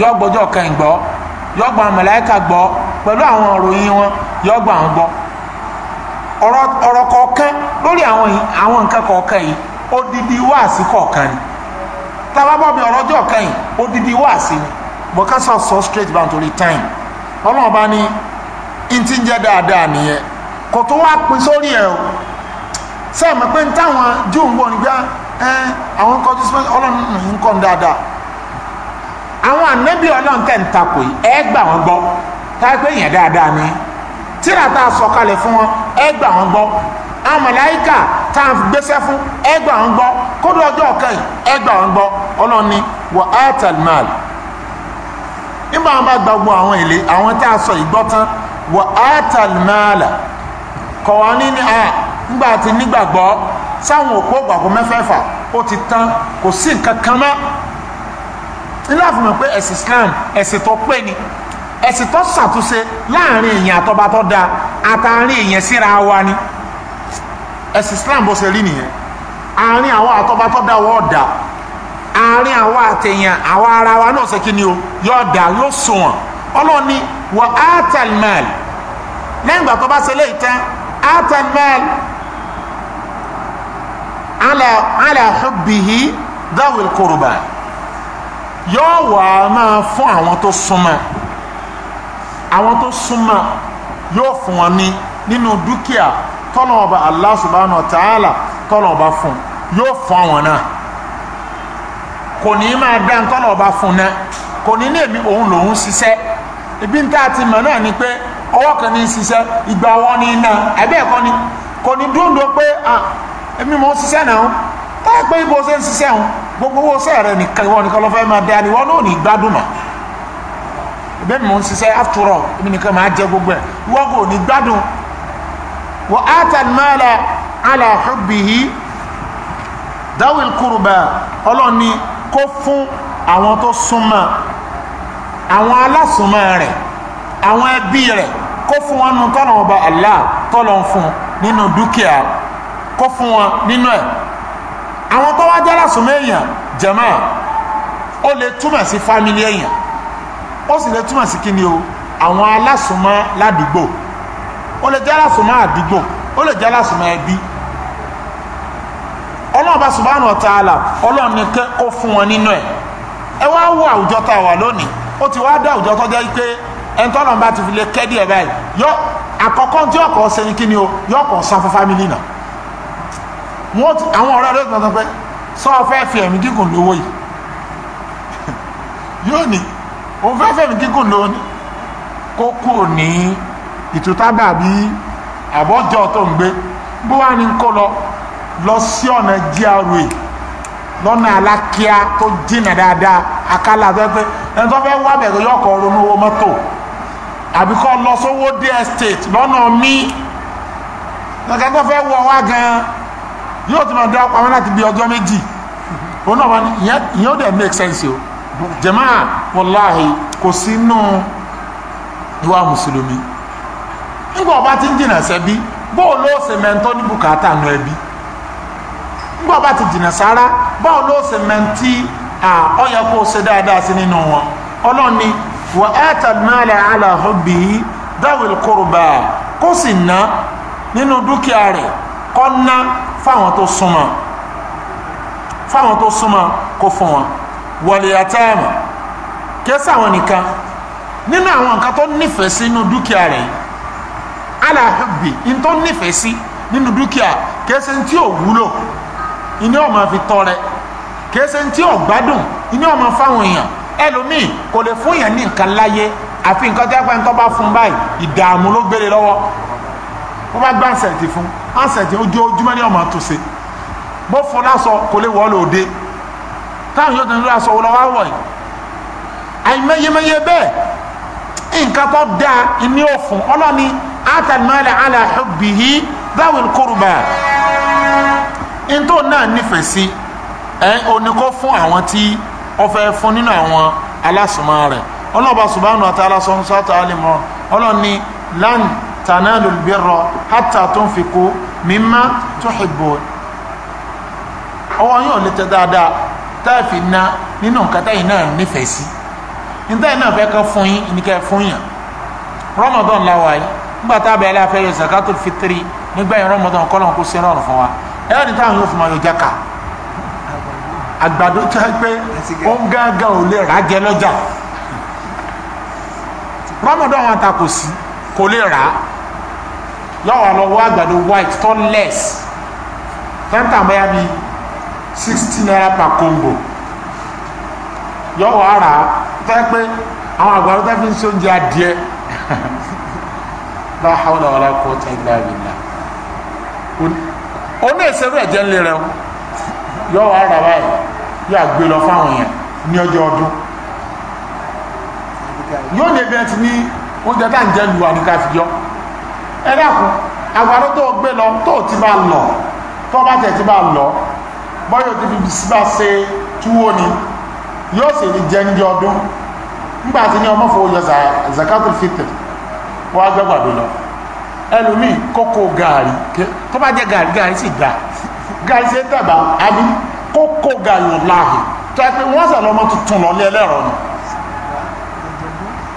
yọ gbọ́jọ́ kan gbọ́ yọ gbọ́ àwọn màláíkà gbọ́ pẹ̀lú àwọn òròyìn wọn yọ gbà wọ́n gbọ́ ọ̀rọ̀ kọ̀ọ̀kan lórí àwọn nǹkan kọ̀ọ̀kan yìí odidi wáàsí kọ̀ọ̀kan ni táwa bọ̀ mi ọ̀rọ̀ ọjọ́ kan yìí odidi wà sí ni but sọ straight down torí time ọlọ́run bá ní n ti ń jẹ́ dáadáa nìyẹn kò tó wá pin sórí ẹ̀ o sẹ́ẹ̀mọ̀ pé táwọn jíò ń bọ̀ nígbà àwọn kọjú sí ọlọ́run ń kọ́ dáadáa àwọn ànábì ọlọ́run tẹ̀ ń takò yìí ẹ gbà wọ́n gbọ́ táyé pé èèyàn dáadáa ni tíra tá a sọ kalẹ̀ fún wọn ẹ gbà wọ́n gbọ́ àwọn màláíkà tá a gbéṣẹ́ fún ẹ gbà wọ́n gbọ́ kódà ọjọ́ ọ̀kan yìí ẹ gbà wọ́n gbọ́ ọlọ́ni wà áàtàl mal nígbà wọn bá gbogbo àwọn èlé àwọn tá a sọ ìgbọ́tán wà áàtàl mal kọ̀wá ní a ah, nígbà tí nígbàgbọ́ sáwọn òpó gbàgbọ́ mẹ́fẹ́fà ó ti tán kò sí nǹkan kan mọ́ nílá fi mọ̀ pé ẹ̀sìn Islam ẹ̀sìn tó pé ni ẹ̀sìn tó ṣàtúnṣe láàrin èèyàn àtọ́ba tó dáa àtàrin èèyàn síra wa ni ẹ̀sìn Islam bó ṣe rí nìyẹn àárín àwọn àtọ́ba tó dáa wọ́ọ̀dà àárín àwa àtẹ̀yàn àwa ara wa náà ṣe kí ni o yóò dà yóò sunwọ̀n ọlọ́run ni wọ́n áàtàl máàlì lẹ́yìn ìgbà tó bá ṣe léyìí tán áàtàl máàlì ala ala hubbihi dáwìl kòròbà yóò wà máa fún àwọn tó súnmọ́ àwọn tó súnmọ́ yóò fún wọn ní nínú dúkìá tọ́lọ̀ ọba Allah subhanahu tọ́lọ̀ ọba fún yóò fún àwọn náà kò ní máa dá ntọ́nà ọba fún náà kò ní ní èmi òun lòún ṣiṣẹ́ ibi ń tá a ti mọ̀ náà ni pé ọwọ́ kan ní ṣiṣẹ́ ìgbà ọwọ́ ní iná ẹ̀bẹ́ ẹ̀kọ́ ni kò ní dúndùn pé èmi mò ń ṣiṣẹ́ náà táyà pé ibo ṣe ń ṣiṣẹ́ òun gbogbo owó sẹ́ẹ̀ rẹ nìkan ìwọ nìkan ló fẹ́ máa dá ni wọ́n náà ní gbádùn mọ́ ìbẹ́ mò ń ṣiṣẹ́ after all èmi nìkan máa jẹ gbogbo ẹ̀ ìwọ kò ní gbádùn wọ́n á tàn máa dáwìl kùrùbà ọlọ́ni kó fún àwọn tó súnmọ́ àwọn alásùnmọ́ rẹ̀ àwọn ẹbí rẹ̀ kó fún wọn nu tọ́lọ̀ ọba Allah tọ́lọ̀ ń fún nínú dúkìá kó fún wọn nínú ẹ̀ àwọn tó wá jẹ́ alásùnmọ́ èèyàn jẹ̀mọ́ ó lè túmọ̀ sí fámílì èèyàn ó sì lè túmọ̀ sí kíni o àwọn alásùnmọ́ ládùúgbò ó lè jẹ́ alásùnmọ́ àdúgbò ó lè jẹ́ alásùnmọ́ ẹbí ọlọ́run bá subhanahu wa ta'ala ọlọ́run ní kó fún wọn nínú ẹ̀ ẹ wá wo àwùjọ tá a wà lónìí ó ti wá dá àwùjọ tó jẹ́ pé ẹni tó ọlọ́run bá ti fi lè kẹ́ díẹ̀ báyìí yọ àkọ́kọ́ tí ọkọ̀ ṣe ní kíni o yọ ọkọ̀ san fún fámìlì náà wọn àwọn ọ̀rẹ́ rẹ̀ tuntun pé sọ fẹ́ fi ẹ̀mí gígùn lówó yìí [LAUGHS] yóò ní òun fẹ́ fẹ́ ẹ̀mí gígùn lówó ni kó kúrò ní ìtútábà bíi àbọ̀jọ tó ń gbé bó wá ní kó lọ lọ sí ọ̀nà GRA lọ́nà alákíá tó jìnà dáadáa akálà fẹ́fẹ́ ẹni tó fẹ́ wá bẹ̀rẹ̀ yọkọ̀ ronú owó mọ́tò àbí kọ́ lọ sówó dé estate lọ́nà mí lọ́kẹ́ tó fẹ́ wọ wá gan yóò ti máa dá pamọ́ láti bí ọjọ́ méjì òun náà ìyẹn ó dẹ̀ make sense o jẹ̀má wàláhì kò sínú ìwà mùsùlùmí nígbà ọba ti ń jìnà sẹ́bí bóòlù ó sì ní bùkátà nù nígbà bá ti jìnnà sára báwo ló ṣe mẹ́ntì ó yẹ kó ṣe dáadáa sí nínú wọn ọlọ́run ni wa atal mala ala hubbihi dawil qurba kó sì ná nínú dúkìá rẹ̀ kó ná fáwọn tó súnmọ́ fáwọn tó súnmọ́ kó fún wọn wal yatama kẹsà àwọn nìkan nínú àwọn nǹkan tó nífẹ̀ẹ́ sí nínú dúkìá rẹ̀ ala hubbi ní tó nífẹ̀ẹ́ sí nínú dúkìá kẹsẹ̀ tí ò wúlò iná ọmọ fi tọrẹ kèése tí ò gbádùn iná ọmọ fáwọn èèyàn ẹlòmíì kò lè fún èèyàn ní nǹkan láyé àfi nǹkan tí apá nǹkan bá fún báyìí ìdààmú ló gbélé lọ́wọ́ wọ́n bá gbá àǹsẹ̀tì fún àǹsẹ̀tì ojoojúmọ́ ní ọmọ tó ṣe bó fún lásọ kò lè wọ́ lóde táwọn yóò tẹ̀lé lásọ wọ́n lọ́wọ́ wọ̀ yìí àìmọyemọye bẹ́ẹ̀ nǹkan tó dáa ní òfun ọlọ́ni àtàlùmọ́lẹ̀ ala hubbihi dhawil qurba ntọ́ náà nífẹ̀ẹ́ sí ẹ oníkọ́ fún àwọn tí wọ́n fẹ́ fún nínú àwọn alásùnmọ́ rẹ̀ ọlọ́ọ̀bá subhanahu wa ta'ala sọ sọ́tà alimọ̀ ọlọ́ọ̀ni lan tanalul birra hatta tunfiqu mimma tuhibbun ọwọ́ yóò lè tẹ dáadáa táàfì na nínú nǹkan táyìn náà nífẹ̀ẹ́ sí níta yìí náà fẹ́ kọ́ fún yín ìníkẹ́ fún yàn Ramadan la wáyé nígbà tá a bẹ̀rẹ̀ la fẹ́ yọ zakatul fitri nígbà yẹn Ramadan kọ́lọ́n kó sí fún wa ẹ̀rọ níta àwọn òfin ayọ̀ jáka àgbàdo tó pé ó gángan ò lè rà jẹ lọ́jà rọmọdún àwọn àtakò sí kò lè rà lọ́wọ́ lọ́wọ́ àgbàdo white tó less tẹ́ńtà bẹ́yà bíi sixty naira per combo yọ̀wọ̀ ara tẹ́ pé àwọn àgbàdo tẹ́ fi ń ṣe oúnjẹ adìẹ [LAUGHS] la hawla wala quwwata illa billah òun náà ṣerú ẹ̀jẹ̀ ńlẹ̀ rẹ o yọ wà rà báyìí yà gbé lọ fáwọn èèyàn ní ọjọ́ ọdún yóò ní ebi ẹtì ní oúnjẹ tá à ń jẹ lu àníkà fi yọ ẹ dákun àgbàdo tó gbé lọ tó ti bá lọ tó bá tẹ̀ ti bá lọ bọ́yọ̀ ti fi bìsí bá ṣe túwó ni yóò sì ní jẹ ní ọdún nígbà tí ní ọmọ fowó yọ zakatul fitr wọ́n á gbẹ́gbàdo lọ ẹlòmíì kókó gaari tó bá jẹ́ gàrí gàrí sì dá gàrí ṣe dàbà àbí kókó gàrí láàyè tó yẹ pé wọ́n sàlọ́ ọmọ tuntun lọ lé ẹlẹ́rọ ni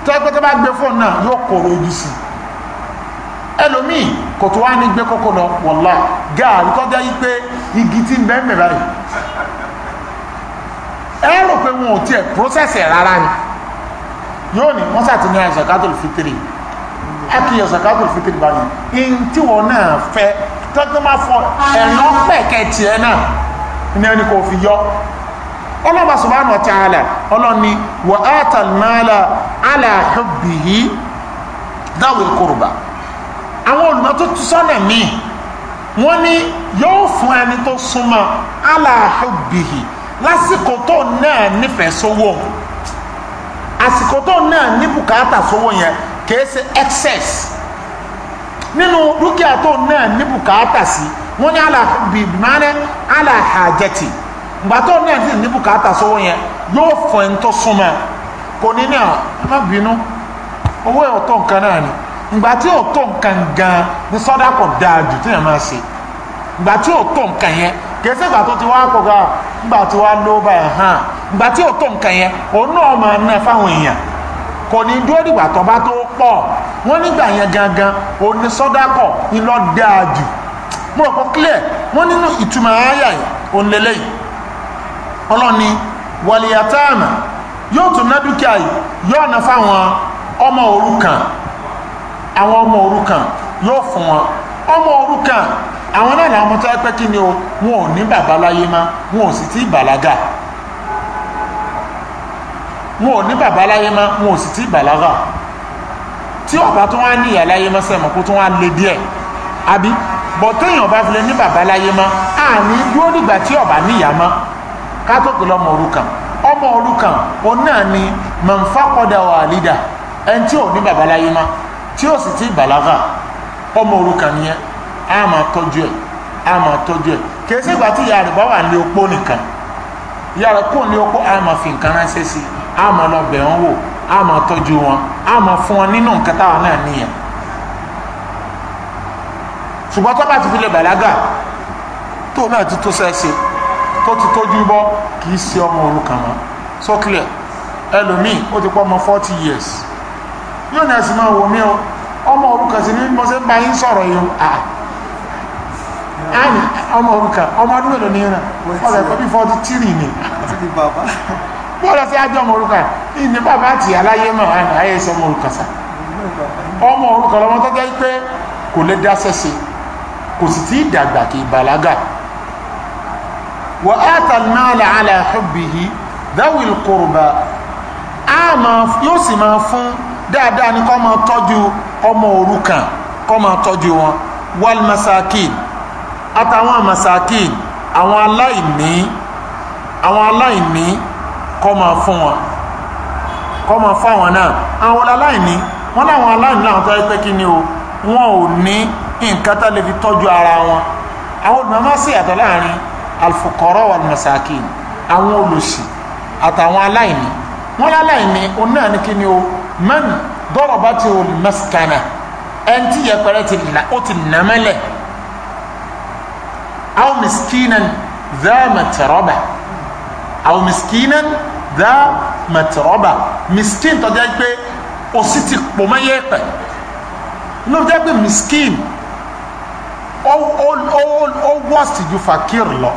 tó yẹ pé tó bá gbé fóònù náà yóò kóró ojú sí ẹlòmíì kò tó wá ní gbé kókó lọ wọ̀lá gàrí tó jẹ́ pé igi tí ń bẹ́ẹ̀ mẹ́ báyìí ẹ rò pé wọn ò tiẹ̀ process rárá ni yóò ní wọ́n sàti ní zakatul fitiri a kì í zakatul fitiri báyìí in tí wọn náà fẹ́ tẹ́tí máa fọ ẹ̀yán pẹ̀kẹ́ tiẹ̀ náà ní ẹni kò fi yọ ọlọ́ba subhanahu wa ta'ala ọlọ́ni wa atal mala ala hubbihi dawil qurba àwọn olùmọ̀ tó tú sọ́nà míì wọ́n ní yóò fún ẹni tó súnmọ́ ala hubbihi lásìkò tó náà nífẹ̀ẹ́ sówó àsìkò tó náà ní bùkátà sówó yẹn kìí excess nínú dúkìá tó náà ní bùkátà sí wọ́n ní bìbìmánẹ́ ala ìgbà tó náà sì ní bùkátà sówó yẹn yóò fọ ẹni tó kò ní ní bínú owó nǹkan náà ni ìgbà tí ọ̀tọ̀ nǹkan gan ní sọ́dá kò dáa jù tí yẹn máa ṣe ìgbà tí ọ̀tọ̀ nǹkan yẹn kì ìgbà tó ti wá pọ̀ gbà ìgbà tí wá ló hàn ìgbà tí nǹkan yẹn òun náà máa ná kò ní dúró dìgbà tó bá tó pọ̀ wọ́n nígbà yẹn gangan òní sọ́dákọ̀ ńlọ dáa jù mo rò pé clear wọ́n nínú ìtumọ̀ ayà yìí òǹlẹ̀lẹ̀ yìí ọlọ́ni wàlìyàtàmà yóò tún ná dúkìá yìí yóò ná fáwọn ọmọ òrukàn àwọn ọmọ òrukàn yóò fún wọn ọmọ òrukàn àwọn náà làwọn ọmọ tó yẹ pé kí ni o wọn ò ní bàbá láyé má wọn ò sì tí ì bàlágà wọn ò ní bàbá láyé mọ́ wọn ò sì tí bàlágà tí ọba tó wá ní ìyá láyé mọ́ sẹ́mọ̀ kó tó wá lé díẹ̀ àbí bọ̀ téèyàn bá fi lè ní bàbá láyé mọ́ àní dúró dìgbà tí ọba níyà mọ́ ká tó pè lọ́mọ òrukàn ọmọ òrukàn òun náà ni mọ̀nfàkọ́dà wà lídà ẹni tí ò ní bàbá láyé mọ́ tí ò sì tí bàlágà ọmọ òrukàn nìyẹn á máa tọ́jú ẹ̀ á máa tọ́jú ẹ̀ kèsì ìgbà tí ìyá rẹ̀ bá wà ní opó nìkan ìyá rẹ̀ kò ní opó á máa fi nǹkan ránṣẹ́ sí i a máa lọ bẹ̀ wọ́n wò a máa tọ́jú wọn a máa fún wọn nínú nǹkan táwọn náà níyàn ṣùgbọ́n tó bá ti fi lè bàlágà tó náà ti tó sẹ́ẹ̀ṣe tó ti tójú bọ́ kì í ṣe ọmọ òrukàn mọ́ so clear ẹlòmíì ó ti pọ́ ọmọ forty years yóò ní ẹ̀sìn máa wò mí o ọmọ òrukàn sì ní mo ṣe ń bá yín sọ̀rọ̀ yìí ọmọ òrukàn ọmọ ọdún mélòó ní ìrìn ọ̀rẹ́ pẹ́ bí forty three ni bọ́ọ̀lá sí ajọ́ ọmọ orúkà ní bàbá àti aláyé mọ̀ àná ayé sọ ọmọ orúkà sá ọmọ orúkà lọ́mọ tó pé kò lè dá kò sì tí dàgbà kì í bàlágà wà á dáwìl qurba yóò sì máa fún dáadáa ní kọ́ máa tọ́jú ọmọ orúkà kọ́ máa tọ́jú wọn wal masakin àtàwọn masakin àwọn aláìní àwọn aláìní kọ́ máa fún wọn kọ́ máa fún àwọn náà àwọn aláìní wọ́n láwọn aláìní láwọn tó ẹgbẹ́ kí ni o wọn ò ní nǹkan tá lè fi tọ́jú ara wọn àwọn olùmọ̀mọ́ sì yàtọ̀ láàrin alfukọrọ wal masakin àwọn olùsì àtàwọn aláìní wọn láláìní òun náà ní kí ni o mẹ́nu dọ́rọ̀ bá ti olè mẹ́sìkánà ẹni tí yẹpẹrẹ ti là ó ti nà mẹ́lẹ̀ àwọn miskinan dáàmà tẹ̀rọ̀bà àwọn miskinan dá mẹtẹrọba miskin tọ́jà pé òsì ti pò mọ́ yẹ pẹ̀ ló jẹ́ pé miskin ó wọ́ọ̀sì ju fakir lọ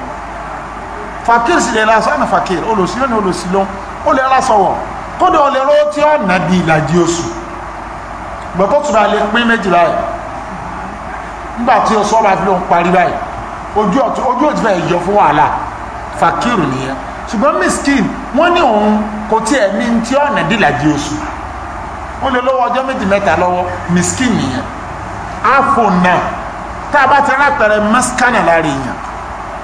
fakir sì lè lásán ní fakir olùsílẹ̀ ní olùsílẹ̀ ó lè lásán wọ̀ kódà ó lè rọ́ tí ó nà bí ìlàjì oṣù gbọ́tọ̀ tún ra lè pín méjìlá ẹ̀ nígbà tí o sọ́ra fi lóun parí báyìí ojú òtún fẹ́ yọ fún wàhálà fakir nìyẹn ṣùgbọ́n miskin wọ́n ní òun kò tiẹ̀ ní tí ọ̀nà dìlàjì oṣù ó lè lọ́wọ́ ọjọ́ méjì mẹ́ta lọ́wọ́ miskin nìyẹn àfò náà tá a bá ti rápẹrẹ mọ́síkánà lára èèyàn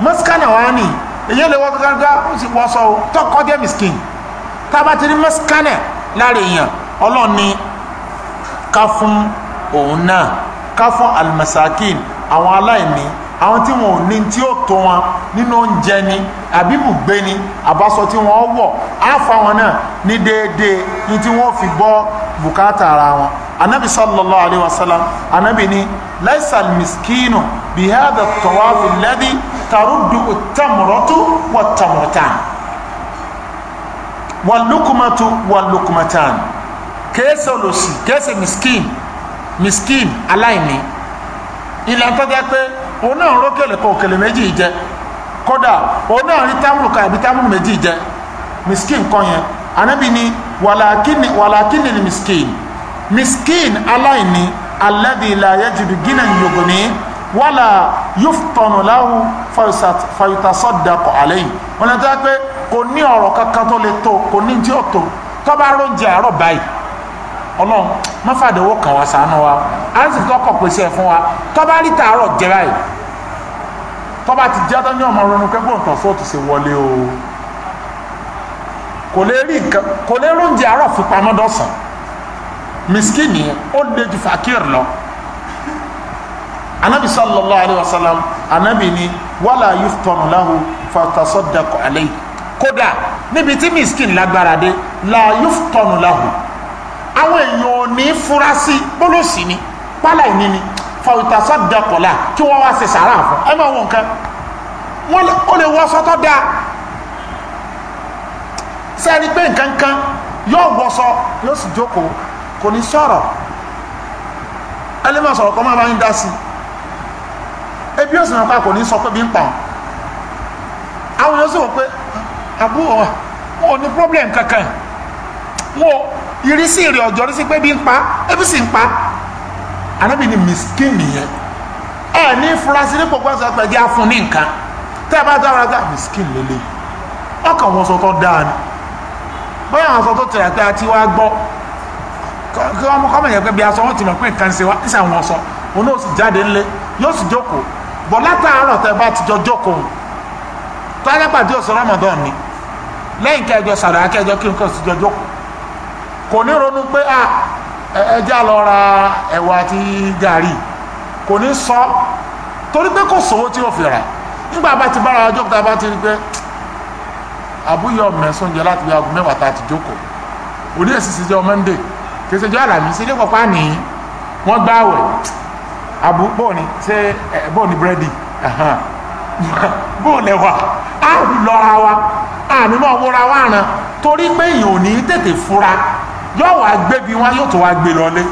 mọ́síkánà wa ni èyàn lè wọ́ gángá ó sì wọ́ sọ tọkọ jẹ́ miskin tá a bá ti rí mọ́síkánà lára èèyàn ọlọ́run ni ká fún òun náà ká fún almasakin àwọn aláìní àwọn tí wọn ò ní tí ó tó wọn nínú oúnjẹ ni àbíbùgbé ni àbáṣọ tí wọn wọ á fa wọn náà ní déédéé ní tí wọn fi gbọ́ bùkátà ara wọn anabi sallallahu alayhi wa sallam anabi ni laisal miskinu bihada tawafi ladi tarudu tamuratu wa tamuratan walukumatu walukumatan kẹsẹ olùsì kẹsẹ miskin miskin aláìní ilẹ̀ tó jẹ́ pé òun náà ró kèlè kan òkèlè méjì jẹ kódà òun náà rí támùlù kan àbí támùlù méjì jẹ miskin kan yẹn anábì ni wàlàkínì wàlàkínì ni miskin miskin aláìní alladhi la yajidu ginan yughni wàlà yuftanu lahu fayutasaddaqu alayhi wọn lè jẹ́ pé kò ní ọ̀rọ̀ kankan tó le tó kò ní tí ó tó tó bá róúnjẹ àárọ̀ báyìí ọlọ́run má fàdéwó kàn wá ṣàánú wa arísìkí tó kọ̀ pèsè ẹ̀ fún wa tó bá rí tààrọ̀ jẹ báyìí tó bá ti jẹ́ tó ní ọmọ ronú pé bóun tàn sóòtù ṣe wọlé o kò lè rí nǹkan kò lè róúnjẹ àárọ̀ fi pamọ́ dọ̀sán miskini ó lè ju fakir lọ anabi sallallahu alayhi wa sallam anabi ni wala yuftanu lahu fatasaddaqu alayhi kódà níbi tí miskin lágbára dé la yuftanu lahu àwọn èèyàn ò ní fura sí bólósì ni pálá ìní ni fàwùtà sọ́dọ̀kọ̀lá kí wọ́n wá ṣe sàárà fún ẹ máa wọ nǹkan wọ́n ó lè wọ aṣọ tó dáa sẹ́ni pé nǹkan kan yóò wọṣọ yóò sì jókòó kò ní sọ̀rọ̀ ẹlẹ́mọ̀ sọ̀rọ̀ kan máa bá ń dá sí ebi ó sì máa pa kò ní sọ pé bí ń pa àwọn yóò sì pé àbúrò wọn ò ní problem kankan wọn ìrísí rẹ̀ ọ̀jọ́ rí sí pé bí ń pa ebi sì ń pa arábìnrin ni miskin nìyẹn ẹ ní furasi ní pọpọ ẹsẹ pẹjẹ afun ní nǹkan tẹ ẹ bá dá ara gá miskin lélẹ̀ ọkàn wọn sọ tó dáa ni bóyá àwọn sọ tó tẹrẹ pé a ti wá gbọ́ kí wọn kọ́ mọ̀ yẹn pé bí aṣọ wọn ti mọ̀ pé nǹkan ṣe wá ní sàn wọn sọ òun náà sì jáde ńlẹ̀ yóò sì jókòó bọ̀ látàárọ̀ tẹ bá ti jọ jókòó tọ́jà pàdé ọ̀sán Ramadan ni lẹ́yìn kẹjọ sàrà kẹjọ kí n kọ́ sí jọ jókòó kò ní ronú pé à ẹjá lọ ra ẹ̀wà àti gàrí kò ní sọ torí pé kò sówó tí ó fi rà nígbà bá ti bára ọjọ́ a bá ti rí pé àbúyọ mẹ́sàn-án jẹ láti bí aago mẹ́wàá tá a ti jókòó òní èsì sì jẹ́ ọmọdé kì í ṣe jẹ́ àlàmísì ilé pọ̀pá ní wọ́n gbá àwẹ̀ àbú bóòní ṣe bóòní búrẹ́dì [LAUGHS] bóòlẹ̀ wa á lọ́ra wa àmì mọ́ wúra wa ràn torí pé èèyàn ò ní tètè fura yóò wá gbé bí wọn yóò tó wá gbé lọlé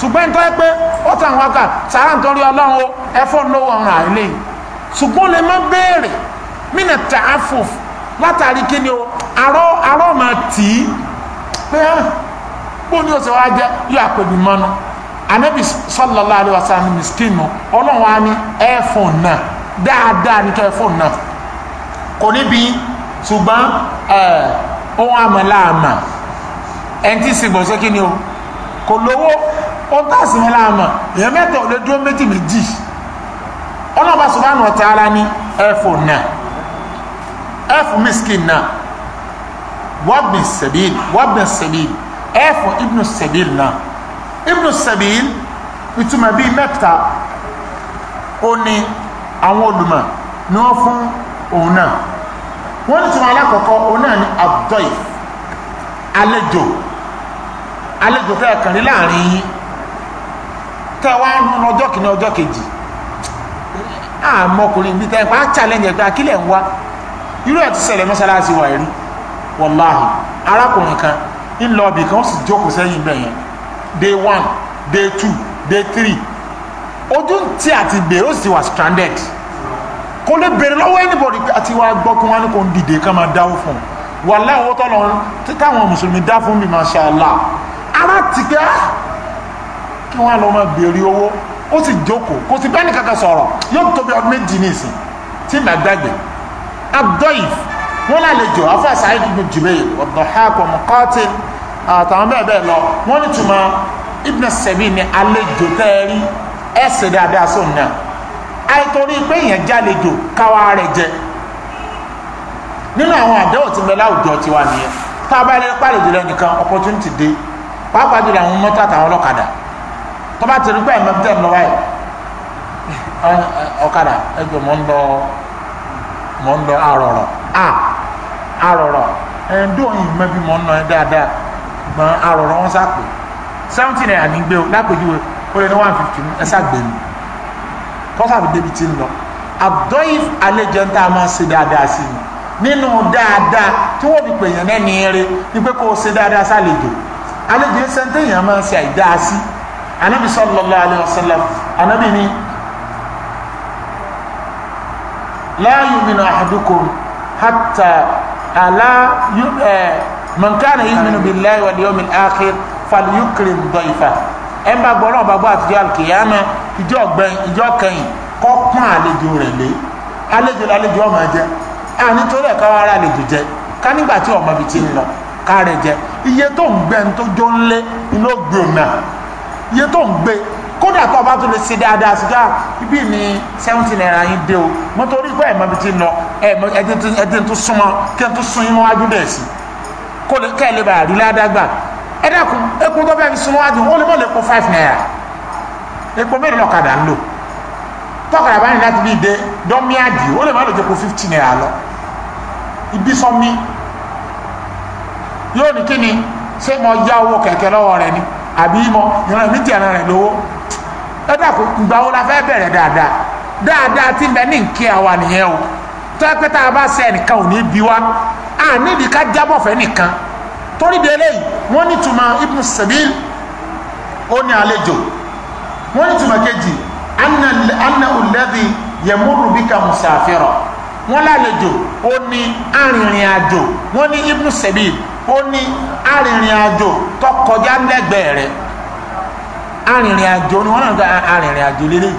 ṣùgbọ́n nítorí pé ó tàn wá kà sàrà nítorí ọlọ́run o ẹ fóun lówó ọ̀ràn àìlè ṣùgbọ́n lè má béèrè mínà látàrí kí ni o arọ́ arọ́ mà tì í pé hàn ah, bó ni o ṣe wá jẹ yóò àpèbí mọ́nà anabi sallallahu alaihi wasallam miskin nù ọlọ́run á ní ẹ fóun náà dáadáa ní kẹ́ ẹ náà kò níbi ṣùgbọ́n ohun àmàlà àmà. ẹni tí sì gbọ̀nsẹ́ kí ni o kò lówó ó tàṣí mi láàmà èèyàn mẹ́tọ̀ lè dúró méjì méjì ọlọ́ba sùfàánù ọ̀tá ara ní ẹ̀fù náà ẹ̀fù miskin náà wabin sabil wabin sabil ẹ̀fù ibnu sabil náà ibnu sabil ìtumọ̀ bíi mẹ́ta ó ní àwọn olùmọ̀ ni wọ́n fún òun náà wọ́n ní ìtumọ̀ alákọ̀ọ́kọ́ òun náà ní abdoif àlejò àlejò tẹ́ ẹ̀kàn rí láàrin yín tẹ́ wá ń rún ọjọ́ kìíní ọjọ́ kejì àmọkùnrin bíi tẹ́yìn pa á challenge ẹ̀gbẹ́ akílẹ̀ ń wá irú ẹ̀ ti ṣẹlẹ̀ mọ́ṣáláṣí wa rí wàláhì arákùnrin kan ń lọ ibì kan ó sì jókòó sẹ́yìn bẹ́ẹ̀ yẹn day one day two day three ojú tí àti bèrè ó sì wà stranded kò lè bèrè lọ́wọ́ anybody àti wàá gbọ́ kí wọ́n á ní kò ń dìde ká máa dáwó fún un wàláhì owó tọ́lọ́ táwọn mùsùlùmí dá fún mi masha Allah ara ti pé á ah! kí wọ́n á lọ máa béèrè owó ó sì jókòó kò sí bẹ́ẹ̀ nìkankan sọ̀rọ̀ yóò tóbi ọdún méjì ní ìsìn tí màá gbàgbé abdoif wọ́n lálejò afáàsá ibùdó jùlẹ̀ ọ̀dọ̀hákọ̀ mọ̀kọ́tì àtàwọn bẹ́ẹ̀ bẹ́ẹ̀ lọ wọ́n ní túmọ̀ ibùdó sẹ̀bí ni àlejò tẹ́ẹ̀rí ẹ̀sẹ̀ dáadáa sóun náà àìtorí pé èèyàn jálejò káwa rẹ̀ jẹ nínú àwọn àdéhùn tí mẹ́lá àwùjọ tiwa nìyẹn tá a bá lè pàlejò lẹ́nìkan opportunity dé pàápàá jùlọ àwọn mọ́tò àtàwọn ọlọ́kadà tó bá ti rí pé ẹ̀ mọ́tò ẹ̀ lọ́wọ́ yìí ọ̀kadà ẹgbẹ́ mọ́ ń lọ mọ́ ń lọ àrọ̀rọ̀ à àrọ̀rọ̀ ẹ̀ńdó yìí mẹ́bí mọ́ ń lọ dáadáa gbọ́n àrọ̀rọ̀ wọn sápè seventy naira ní gbé o lápèjúwe ó lé ní one fifty ẹ ságbé mi kọ́sàbí débi tí ń lọ àdóyìf àlejò ń tá a máa ṣe dáadáa sí i nínú dáadáa tí wọ́n fi pè yàn lẹ́ni eré ni pé kó o ṣe dáadáa sálejò àlejò ẹsẹ̀ ń tẹ̀yìn àmọ́ ṣe àìdáa sí anabi sallallahu alayhi wa sallam anabi ni la yu'minu ahadukum hatta ala man kana yu'minu billahi wal yawmil akhir falyukrim dayfa ẹ̀ ń bá gbọ́ náà bá gbọ́ àtijọ́ alkiyama ìjọ ọ̀gbẹ́yìn ìjọ kẹyìn kọ́ pọ́n àlejò rẹ̀ lé àlejò lálejò ọmọ jẹ à nítorí ẹ̀ka wa ara àlejò jẹ ká nígbà tí ọmọ bìí ti ń lọ ká rẹ jẹ iye tó ń gbẹ tó jó ń lé inú ògbé òmìnà iye tó ń gbé kódà tó ọba tó lè ṣe dáadáa sí dáa ibi ní seventy naira yín dé o mo torí pé ẹ̀mọ́ mi ti nà ẹ̀mọ́ ẹ̀dín tó súnmọ́ kí n tó sún yín wájú dẹ̀ sí kó lè kẹ́ ẹ̀ lè bàa rí ládàgbà ẹ dákun epo tó bẹ́ẹ̀ fi súnmọ́ wájú ó lè mọ̀ lè po five naira epo mélòó lọ́kadà ń lò tọ́kadà bá ní láti bí ìdè dọ́míàdì ó lè má lò jẹ́ po fifty naira lọ ibi sọ́mi yóò ní kí ni ṣé mo yá owó kẹ̀kẹ́ lọ́wọ́ rẹ ni àbí mo ìran mi jẹ̀ràn rẹ lówó ẹ dàpọ̀ ìgbà wo la fẹ́ bẹ̀rẹ̀ dáadáa dáadáa tí bẹ ní nkí àwa nìyẹn o tọ́pẹ́ tá a bá ṣe ẹnìkan ò ní bí wa a nídìí ká jábọ̀ fẹ́ nìkan torí de eléyìí wọ́n ní tuma ibn sabil ó ní àlejò wọ́n ní tuma kejì anna anna alladhi yamurru bika musafira wọ́n lálejò ó ní arìnrìn àjò wọ́n ní ibn sabil ó ní arìnrìn tó kọjá lẹ́gbẹ̀ẹ́ rẹ̀ arìnrìn ni wọ́n náà gba arìnrìn lélẹ̀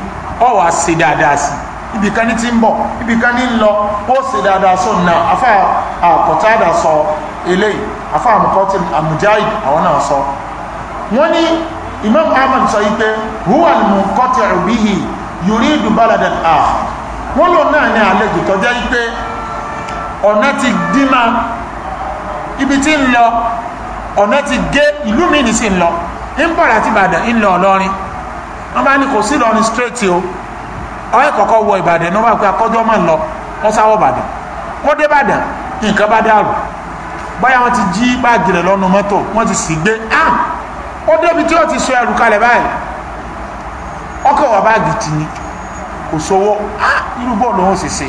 ọ̀ wá ṣe dáadáa sí kan ní ti ń bọ̀ ibì kan ní lọ ó dáadáa sọ nà afa sọ eléyìí afa àmukọ́tì àmujahid àwọn náà sọ wọ́n ní imam Ahmad sọ yìí pé huwa bihi yuridu náà ní yìí pé ọ̀nà ibi tí ń lọ ọ̀nà ti gé ìlú mi ní sí ń lọ ń bọ̀ láti ìbàdàn ń lọ ọlọ́rin wọ́n bá ní kò sí lọ́rin straight o ọ̀rẹ́ kọ̀ọ̀kan wọ ìbàdàn ní wọ́n bá pé akọ́jọ́ máa ń lọ wọ́n sáwọ́ ìbàdàn kó dé ìbàdàn nǹkan bá dàrú báyà wọ́n ti jí báàgì rẹ̀ lọ́nu mọ́tò wọ́n ti sì gbé ah ó débi tí ó ti sọ ẹrù kalẹ̀ báyìí ọkọ̀ wà báàgì tì ní kò sówó ah irú bọ́ọ̀lù òun sì ṣe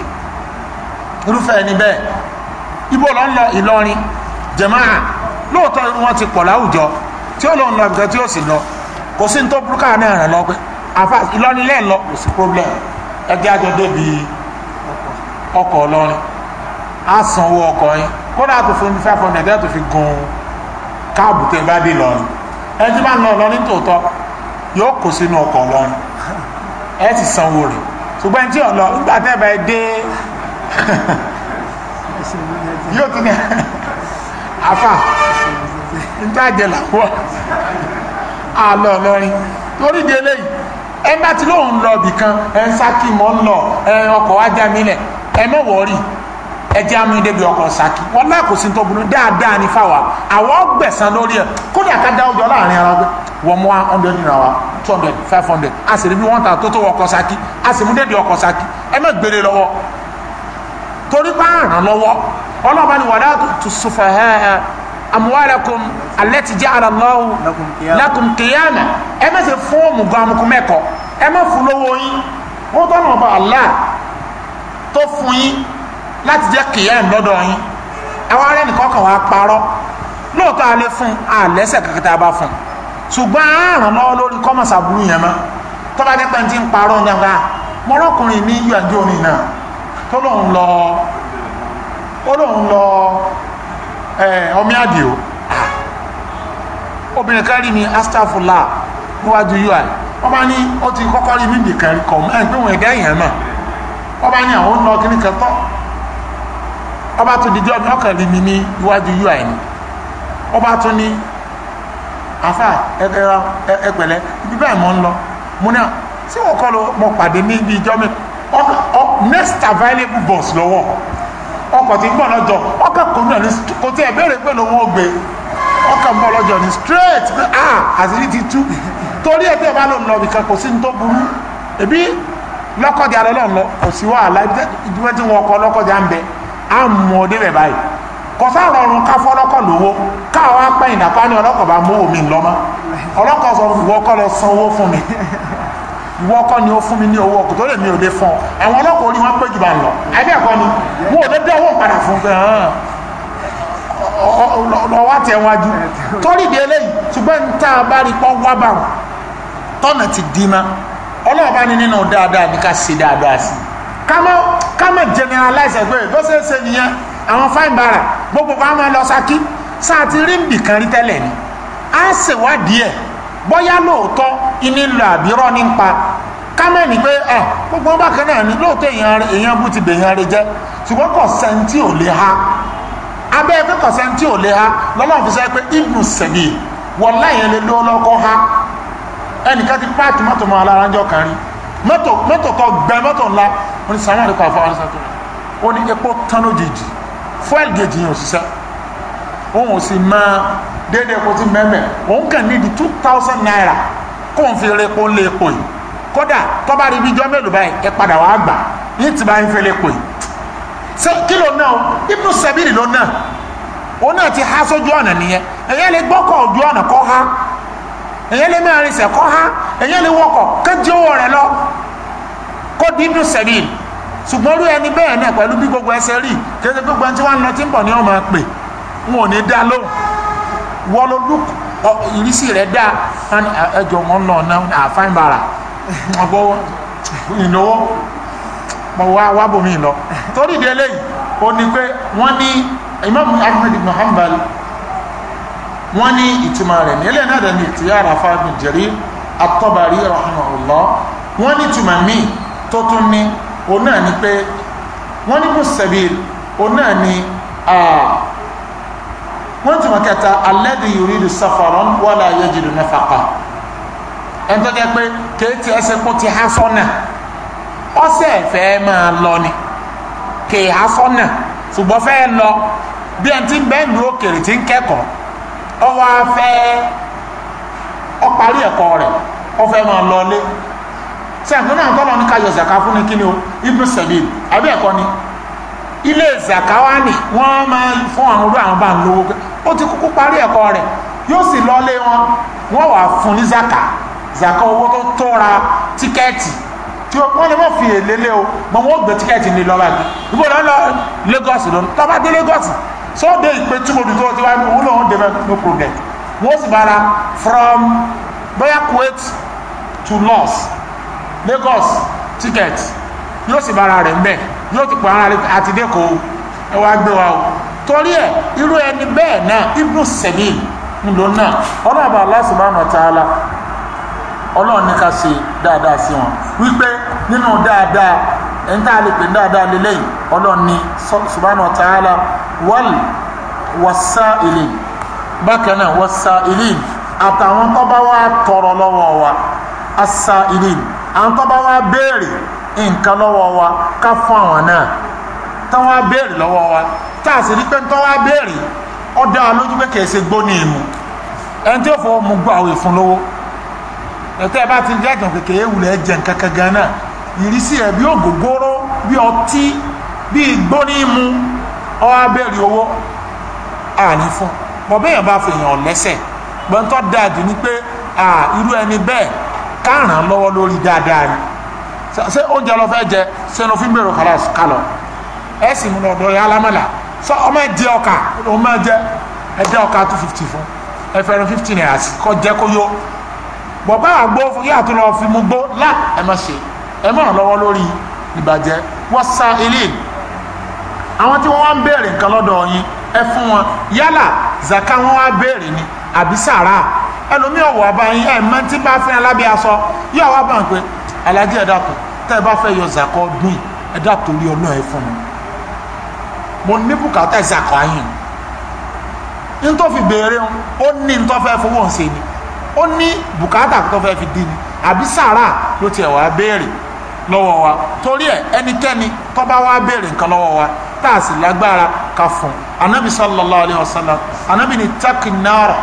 irúfẹ́ ẹni bẹ́ẹ̀ ibò lọ́n ìlọrin jẹ̀máà lóòótọ́ wọn ti pọ̀ láwùjọ tí ó lọ lọ àbùjọ tí ó sì lọ kò sí ní tó burúkà náà ràn lọ pé àfa ìlọrinlẹ̀ lọ kò sí problem ẹgbẹ́ àjọ débi ọkọ̀ ọlọ́rin á sanwó ọkọ̀ yín kódà tó fún mi five hundred ẹ̀ tó fi gun káàbù tẹ bá dé lọrin ẹni tí máa ń lọ lọrin tòótọ́ yóò kó sínú ọkọ̀ ọlọ́rin ẹ ti sanwó rẹ̀ ṣùgbọ́n tí ò nígbà tẹ́ bá dé [LAUGHS] yóò tún ní [LAUGHS] afa ntaajẹ làwọn àlọ lọrin torí di eléyìí ẹ bá ti lóun lọ bìkan ẹ ń sákì mọ ń lọ ẹ ọkọ̀ ajá mi lẹ ẹ mọ wọrí ẹ jẹ àmì débi ọkọ̀ sákì wọn náà kò sí tó dáadáa ní fáwa àwọn gbẹ̀san lórí ẹ kódà ká dá ọjọ́ láàrin ara gbé wọ́n mú hundred naira wa two hundred five hundred a sì rí bí wọ́n ta tó tó ọkọ̀ sákì a sì mú débi ọkọ̀ sákì ẹ má gbére lọ́wọ́ torí bá ràn lọ́wọ́ ọlọ́ba ni wàdà tó sùfàhà amuwalakum alẹ́tì jẹ́ alallahu lakum kìyàmà ẹ má ṣe fóòmù gọ́ọ̀mùkú mẹ́kọ̀ọ́ ẹ má fún lówó yín ó tọ́nà ọba Allah tó fún yín láti jẹ́ kìyàmù lọ́dọ̀ yín àwọn ará ẹnìkan kan wàá parọ́ lóòótọ́ alẹ́ fún àlẹ́sẹ̀ kankan tá a bá fún ṣùgbọ́n àrùn lọ́wọ́ lórí kọ́mọ̀sà burú yẹn mọ́ tọ́ba dẹ́pẹ́ ti ń parọ́ nígbà mọ́rọ́kùnrin ní yíyànjú ó lóun lọ ọmọ àdìo obìnrin kan rí mi astafula níwájú ui wọ́n bá ní ó ti kọ́kọ́ rí mi nìkan rí kọ̀ mẹ́rin pé wọ́n ẹ̀dá èèyàn náà wọ́n bá ní àwọn ń lọ kíní kan tọ́ wọ́n bá tún ọmọ ọkàn rí mi ui ni wọ́n bá tún ní afa ẹgbẹ̀lẹ́ ibi báyìí mọ́ ń lọ mo ní à sí wọ́n kọ́ lọ mọ pàdé ní ibi mi next available bus lọ́wọ́ ọkọ̀ ti gbọ́n lọ́jọ́ ọkọ̀ kan náà ní kò tí ẹ̀ béèrè pé lòun gbé ọkọ̀ ń lọ́jọ́ ní straight pé ah àṣírí ti tú torí ẹ̀ ẹ bá lòun lọ bìkan kò sí ní tó burú ẹbí lọ́kọ̀dé alẹ́ ìwọ kọ́ ni ó fún mi ní owó ọkọ̀ tó lè mi ò lè fún ọ àwọn ọlọ́pàá orí wọn pé jù bá ń lọ àbí ẹ̀kọ́ ni wọn ò lè dé owó padà fún pé hàn lọ wá tẹ wájú torí di eléyìí ṣùgbọ́n tá a bá rí pọ́ wá bá wọn tọ́nà ti dì má ọlọ́wọ́ bá ní nínú dáadáa ní ká ṣe dáadáa sí ká má generalize ẹgbẹ́ bó ṣe ṣe nìyẹn àwọn fáìn bára gbogbo kan máa lọ Ṣakí sáà ti rí nbìkan rí tẹ́lẹ̀ ni á ṣèwádìí ẹ̀ bóyá lóòótọ́ iní lọ àbírọ́ ní pa kámẹ́ ní pé ẹ ah, gbogbo bákan náà ní lóòótọ́ èèyàn èèyàn bú ti bèèyàn rẹ jẹ́ ṣùgbọ́n kò sẹ́ńtì ò lè ha abẹ́ pé kò sẹ́ńtì ò lè ha lọ́lọ́run fi sọ pé ibnu sẹ̀bi wọ́n láyẹn lè ló lọ́kọ́ ha ẹnìkan ti páàkì mọ́tò mọ́ aláránjọ́ kan rí mọ́tò mọ́tò tó gbẹ mọ́tò ńlá ó ní sàmúlò kọ́ àfọwọ́ sàtò ó ní epo tán lójijì fúẹ́lì gèjì yẹn ò òun ò sì máa déédéé epo ti mẹ́mẹ́ òun kàn nídìí two thousand naira kó n fi repo lé epo yìí kódà tọ́ba rí ibi jọ́ mélòó báyìí ẹ padà wàá gbà yìí ti máa ń fi repo yìí ṣé kí ló o ibùdó sẹ́bìrì ló náà òun náà ti há sójú ọ̀nà nìyẹn ẹ̀yẹ́ lè gbọ́kọ̀ ojú ọ̀nà kọ́ há ẹ̀yẹ́ lè máa rinsẹ̀ kọ́ há ẹ̀yẹ́ lè wọkọ̀ kéjì owó rẹ̀ lọ kó di ibùdó sẹ́bìrì ṣùgbọ́n orí ẹni bẹ́ẹ̀ náà pẹ̀lú bí gbogbo ẹsẹ̀ rí kéde gbogbo ẹni tí wọ́n ń lọ tí ń bọ̀ ní ọmọ pè wọn ò ní dá lóhùn wọ́n ló lùkù ìrísí rẹ̀ dáa wọn ni ẹjọ wọn nà ọ̀nà àfáìn bàrà ọgbọ́ ìnáwó wá wá bòmí lọ torí ìdí eléyìí ó ní pé wọ́n ní Imam Ahmad ibn Hanbal wọ́n ní ìtumọ̀ rẹ̀ ní eléyìí náà dẹ̀ni ìtìyà àràfà ibn Jarir at-Tabari rahimahullah wọ́n ní ìtumọ̀ míì tó tún ní òun náà ni pé wọ́n ní bùsẹ̀bí òun náà ni pọ́ǹtì wọn kẹta alladhi yuridu safaran wala yajidu nafaqa ẹni tó jẹ́ pé kéétì ẹsẹ̀ kó ti há sọ́nà ọ̀sẹ̀ fẹ́ máa lọ ni kèé há sọ́nà ṣùgbọ́n fẹ́ lọ bí ẹni tí ń bẹ́ẹ̀ lu òkèrè tí ń kẹ́kọ̀ọ́ ọwọ́ afẹ́ ọparí ẹ̀kọ́ rẹ̀ ọfẹ́ máa lọ lé sẹ́ǹtún náà tọ́lọ́ ní ká yọ zaka fún ni kí ni o ibnu sabil àbí ẹ̀kọ́ ni ilé zaka wa ni wọ́n máa fún àwọn olú àwọn bá ń lówó pé ó ti kúkú parí ẹ̀kọ́ rẹ̀ yóò sì lọlé wọn wọ́n wà fún ní zaka zaka owó tó tóra tíkẹ́ẹ̀tì tí wọ́n lè mọ̀ fi èlé lé o mọ̀ wọ́n gbé tíkẹ́ẹ̀tì ní lọ́ba yìí ibo lọ́n lọ Lagos ló ń tọ́ba dé Lagos so de ìpè tí mo dùn tó ti wá òun lòun dé bẹ́ẹ̀ no problem wọ́n sì bára from bóyá Kuwait to loss. Lagos ticket yóò sì bára rẹ̀ ń bẹ̀ yóò ti pọ̀ ara rẹ̀ àti dẹ́kọ̀ọ́ ẹ wá gbé wa o torí ẹ̀ irú ẹni bẹ́ẹ̀ náà ibnu sẹ̀lì ńlò náà ọlọ́ọ̀bà Allah subhanahu wa ta'ala ọlọ́run ní ká ṣe dáadáa sí wọn wípé nínú dáadáa ẹni tá a lè pè ní dáadáa lélẹ́yìn ọlọ́run ní subhanahu wa ta'ala wal wasailin bákan náà wasailin àtàwọn tó bá wá tọrọ lọ́wọ́ wa asailin àwọn tó bá wá béèrè nǹkan lọ́wọ́ wa ká fún àwọn náà tán wá béèrè lọ́wọ́ wa tá a sì rí pé tán wá béèrè ó dá wa lójú pé kìí ṣe gbóni ìmú ẹni tí ó fọwọ́ mu gbọ́ àwọn ìfún lówó ẹ̀tọ́ ẹ bá ti jẹ́ àjàn kékeré wulẹ̀ jẹ nǹkan kan gan náà ìrísí ẹ̀ bí ògógóró bí ọtí bí gbóni ìmú ó wá béèrè owó àní fún bọ́ bẹ́ẹ̀ bá fi hàn lẹ́sẹ̀ gbọ́ntọ́ dáàdì ni pé irú ẹni bẹ́ẹ̀ káràn lọ́wọ́ lórí dáadáa ni oúnjẹ lọ fẹ́ jẹ ṣé ló kálọ̀ ẹ sì mú lọ́dọ̀ ya alámàlà sọ ọmọ ẹ jẹ ọkà ọmọ ẹ jẹ ẹ jẹ ọkà two fifty fún ẹ fẹ́ràn fifty naira kọ jẹ kó yó bọ̀bá àgbo yíyà tó lọ fi mú gbó lá ẹ má ṣe ẹ má ràn lọ́wọ́ lórí ìbàjẹ́ wọ́n sa ilé àwọn tí wọ́n wá ń béèrè nǹkan lọ́dọ̀ yín ẹ fún wọn yálà zaka wọn wá béèrè ni àbí sàrà ẹlòmí ọ̀wọ̀ ọba yín ẹ mọ tí bá fẹ́ alábẹ́ aṣọ yíyà wá bá ń pè alájẹ ẹ dákun tẹ́ ẹ bá fẹ́ yọ zaka ọdún ẹ dákun torí ọlọ́ọ̀ ẹ fún mi mo ní bùkátà ìsàkọ̀ ahìn ní tó fi béèrè ó ní tó fẹ́ fowó ń ṣe ni ó ní bùkátà tó fẹ́ fi dín ni àbí sàrà ló tiẹ̀ wá béèrè lọ́wọ́ wa torí ẹ̀ ẹnikẹ́ni tó bá wá béèrè nǹkan lọ́wọ́ wa tá a sì lágbára ká fún anabi sallallahu alayhi wa sallam anabi ni takinara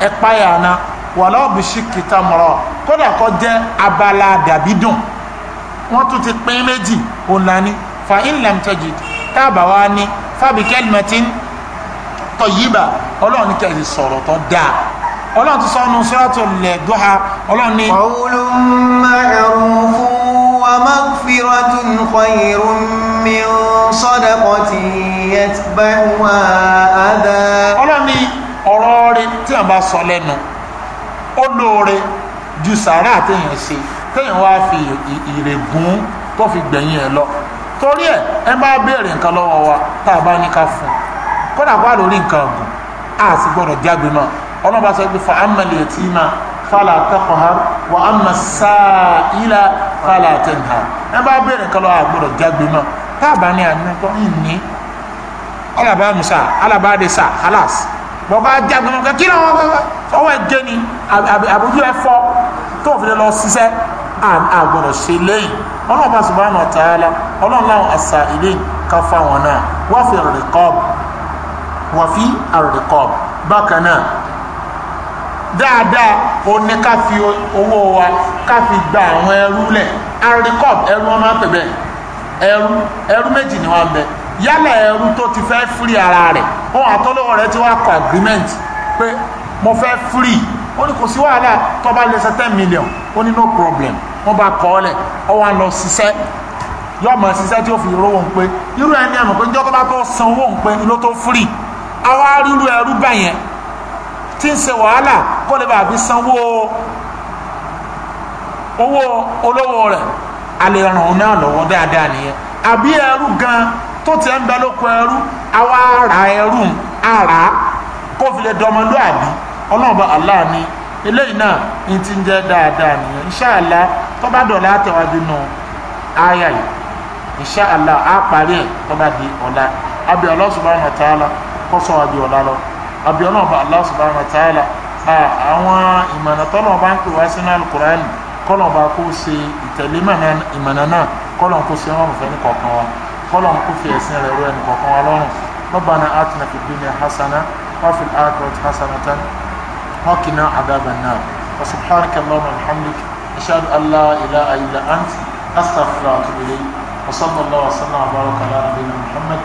ẹ páyà náà wàlọ́ bìsíkìtà mọ̀rọ̀ kódà kó jẹ́ abala dàbí dùn wọ́n tún ti pín méjì òun lání fa in lam tajid táàbà wa ní fábí kẹ́lìmẹ́tì tayyiba ọlọ́run ní kẹ́lì sọ̀rọ̀ tó dáa ọlọ́run ti sọ́nu suratul duha ọlọ́run ní. qawlun ma'rufun wa maghfiratun khayrun min sadaqatin yatba'uha adha. ọlọ́run ní ọ̀rọ̀ rẹ tí a bá sọ lẹ́nu ó lóore ju sàárà téèyàn ṣe téèyàn wá fi ìrègùn tó fi gbẹ̀yìn ẹ̀ lọ torí ẹ̀ ẹ bá béèrè nǹkan lọ́wọ́ wa tá a bá ní ká fún un kódà bá lórí nǹkan ọ̀gùn a sì gbọ́dọ̀ jágbe mọ́ ọlọ́ba sọ pé fa amẹ́lẹ̀ ẹ̀tí ma fàlà taqhar wa amma sa'ila fàlà tanhar ẹ bá béèrè nǹkan lọ́wọ́ a gbọ́dọ̀ jágbe mọ́ tá a bá ní àníkọ́ ìní ọlọ́ba musa alaba de sa halas bọ́ba jágbe mọ́ kí ni wọ́n ọwọ́ ẹ jẹ́ ni àbójú ẹ fọ́ tó fi lọ ṣiṣẹ́ a gbọ́dọ̀ ṣe lẹ́yìn ọlọ́run bá subhanahu wa ta'ala ọlọ́run láwọn àṣà ilé ká fáwọn náà wá fi ar-riqab wá fi ar-riqab bákan náà dáadáa ó ní ká fi owó wa ká fi gba àwọn ẹrú lẹ̀ ar-riqab ẹrú wọn máa ń pè bẹ́ẹ̀ ẹrú ẹrú méjì ni wọ́n bẹ yálà ẹrú tó ti fẹ́ fírí ara rẹ̀ ohun àtọ́lọ́wọ́ rẹ̀ ti wá kọ agreement pé mo fẹ́ fírí ó ní kò sí wàhálà tó bá lè ṣe ten million ó ní no problem wọ́n bá kọ́ ọ́lẹ̀ ọwọ́ lọ ṣiṣẹ́ yóò mọ̀ ṣiṣẹ́ tí ó fi rówó ń pé irú ẹni ẹ̀mọ̀ pé níjọba bá tó san owó ń pé ló tó firi àwa rírú ẹrú bẹ̀yẹn tí ń ṣe wàhálà kó lè bàbí sanwó owó olówó rẹ̀ alẹ́ ràn ọ́n náà lọ́wọ́ dáadáa nìyẹn àbí ẹrú gan tó ti ń bẹ lóko ẹrú àwa ara ẹrú ara kó fi lè dọmọlúàbí ọlọ́ọ̀bá aláàánú eléyìí náà ní ti ń jẹ́ dáadáa nìyẹn inṣáàlá tó bá dọ̀la àtẹ̀wá dínú àyà yìí insha Allah á parí ẹ̀ tó bá di ọ̀la abẹ́ Allah subhanahu wa ta'ala kó sọ wá di ọ̀la lọ abẹ́ ọlọ́ọ̀bà Allah subhanahu wa ta'ala àwọn ìmọ̀nà tọ́lọ̀ bá ń pè wá sínú alukurani kọ́lọ̀ bá kó ṣe ìtẹ̀lé ìmọ̀nà náà kọ́lọ̀ kó ṣe wọn fẹ́ ní kọ̀ọ̀kan wa kọ́lọ̀ kó fi ẹ̀sìn rẹ̀ rọ ẹnì wa lọ́rùn ربنا آتنا في الدنيا حسنة وفي الآخرة حسنة وقنا عذاب النار وسبحانك اللهم وبحمدك أشهد أن لا إله إلا أنت أستغفر وأتوب إليك وصلى الله وسلم وبارك على نبينا محمد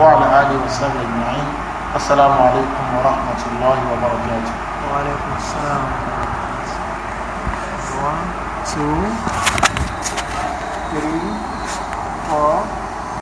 وعلى آله وصحبه أجمعين السلام عليكم ورحمة الله وبركاته وعليكم السلام 1 2 3 4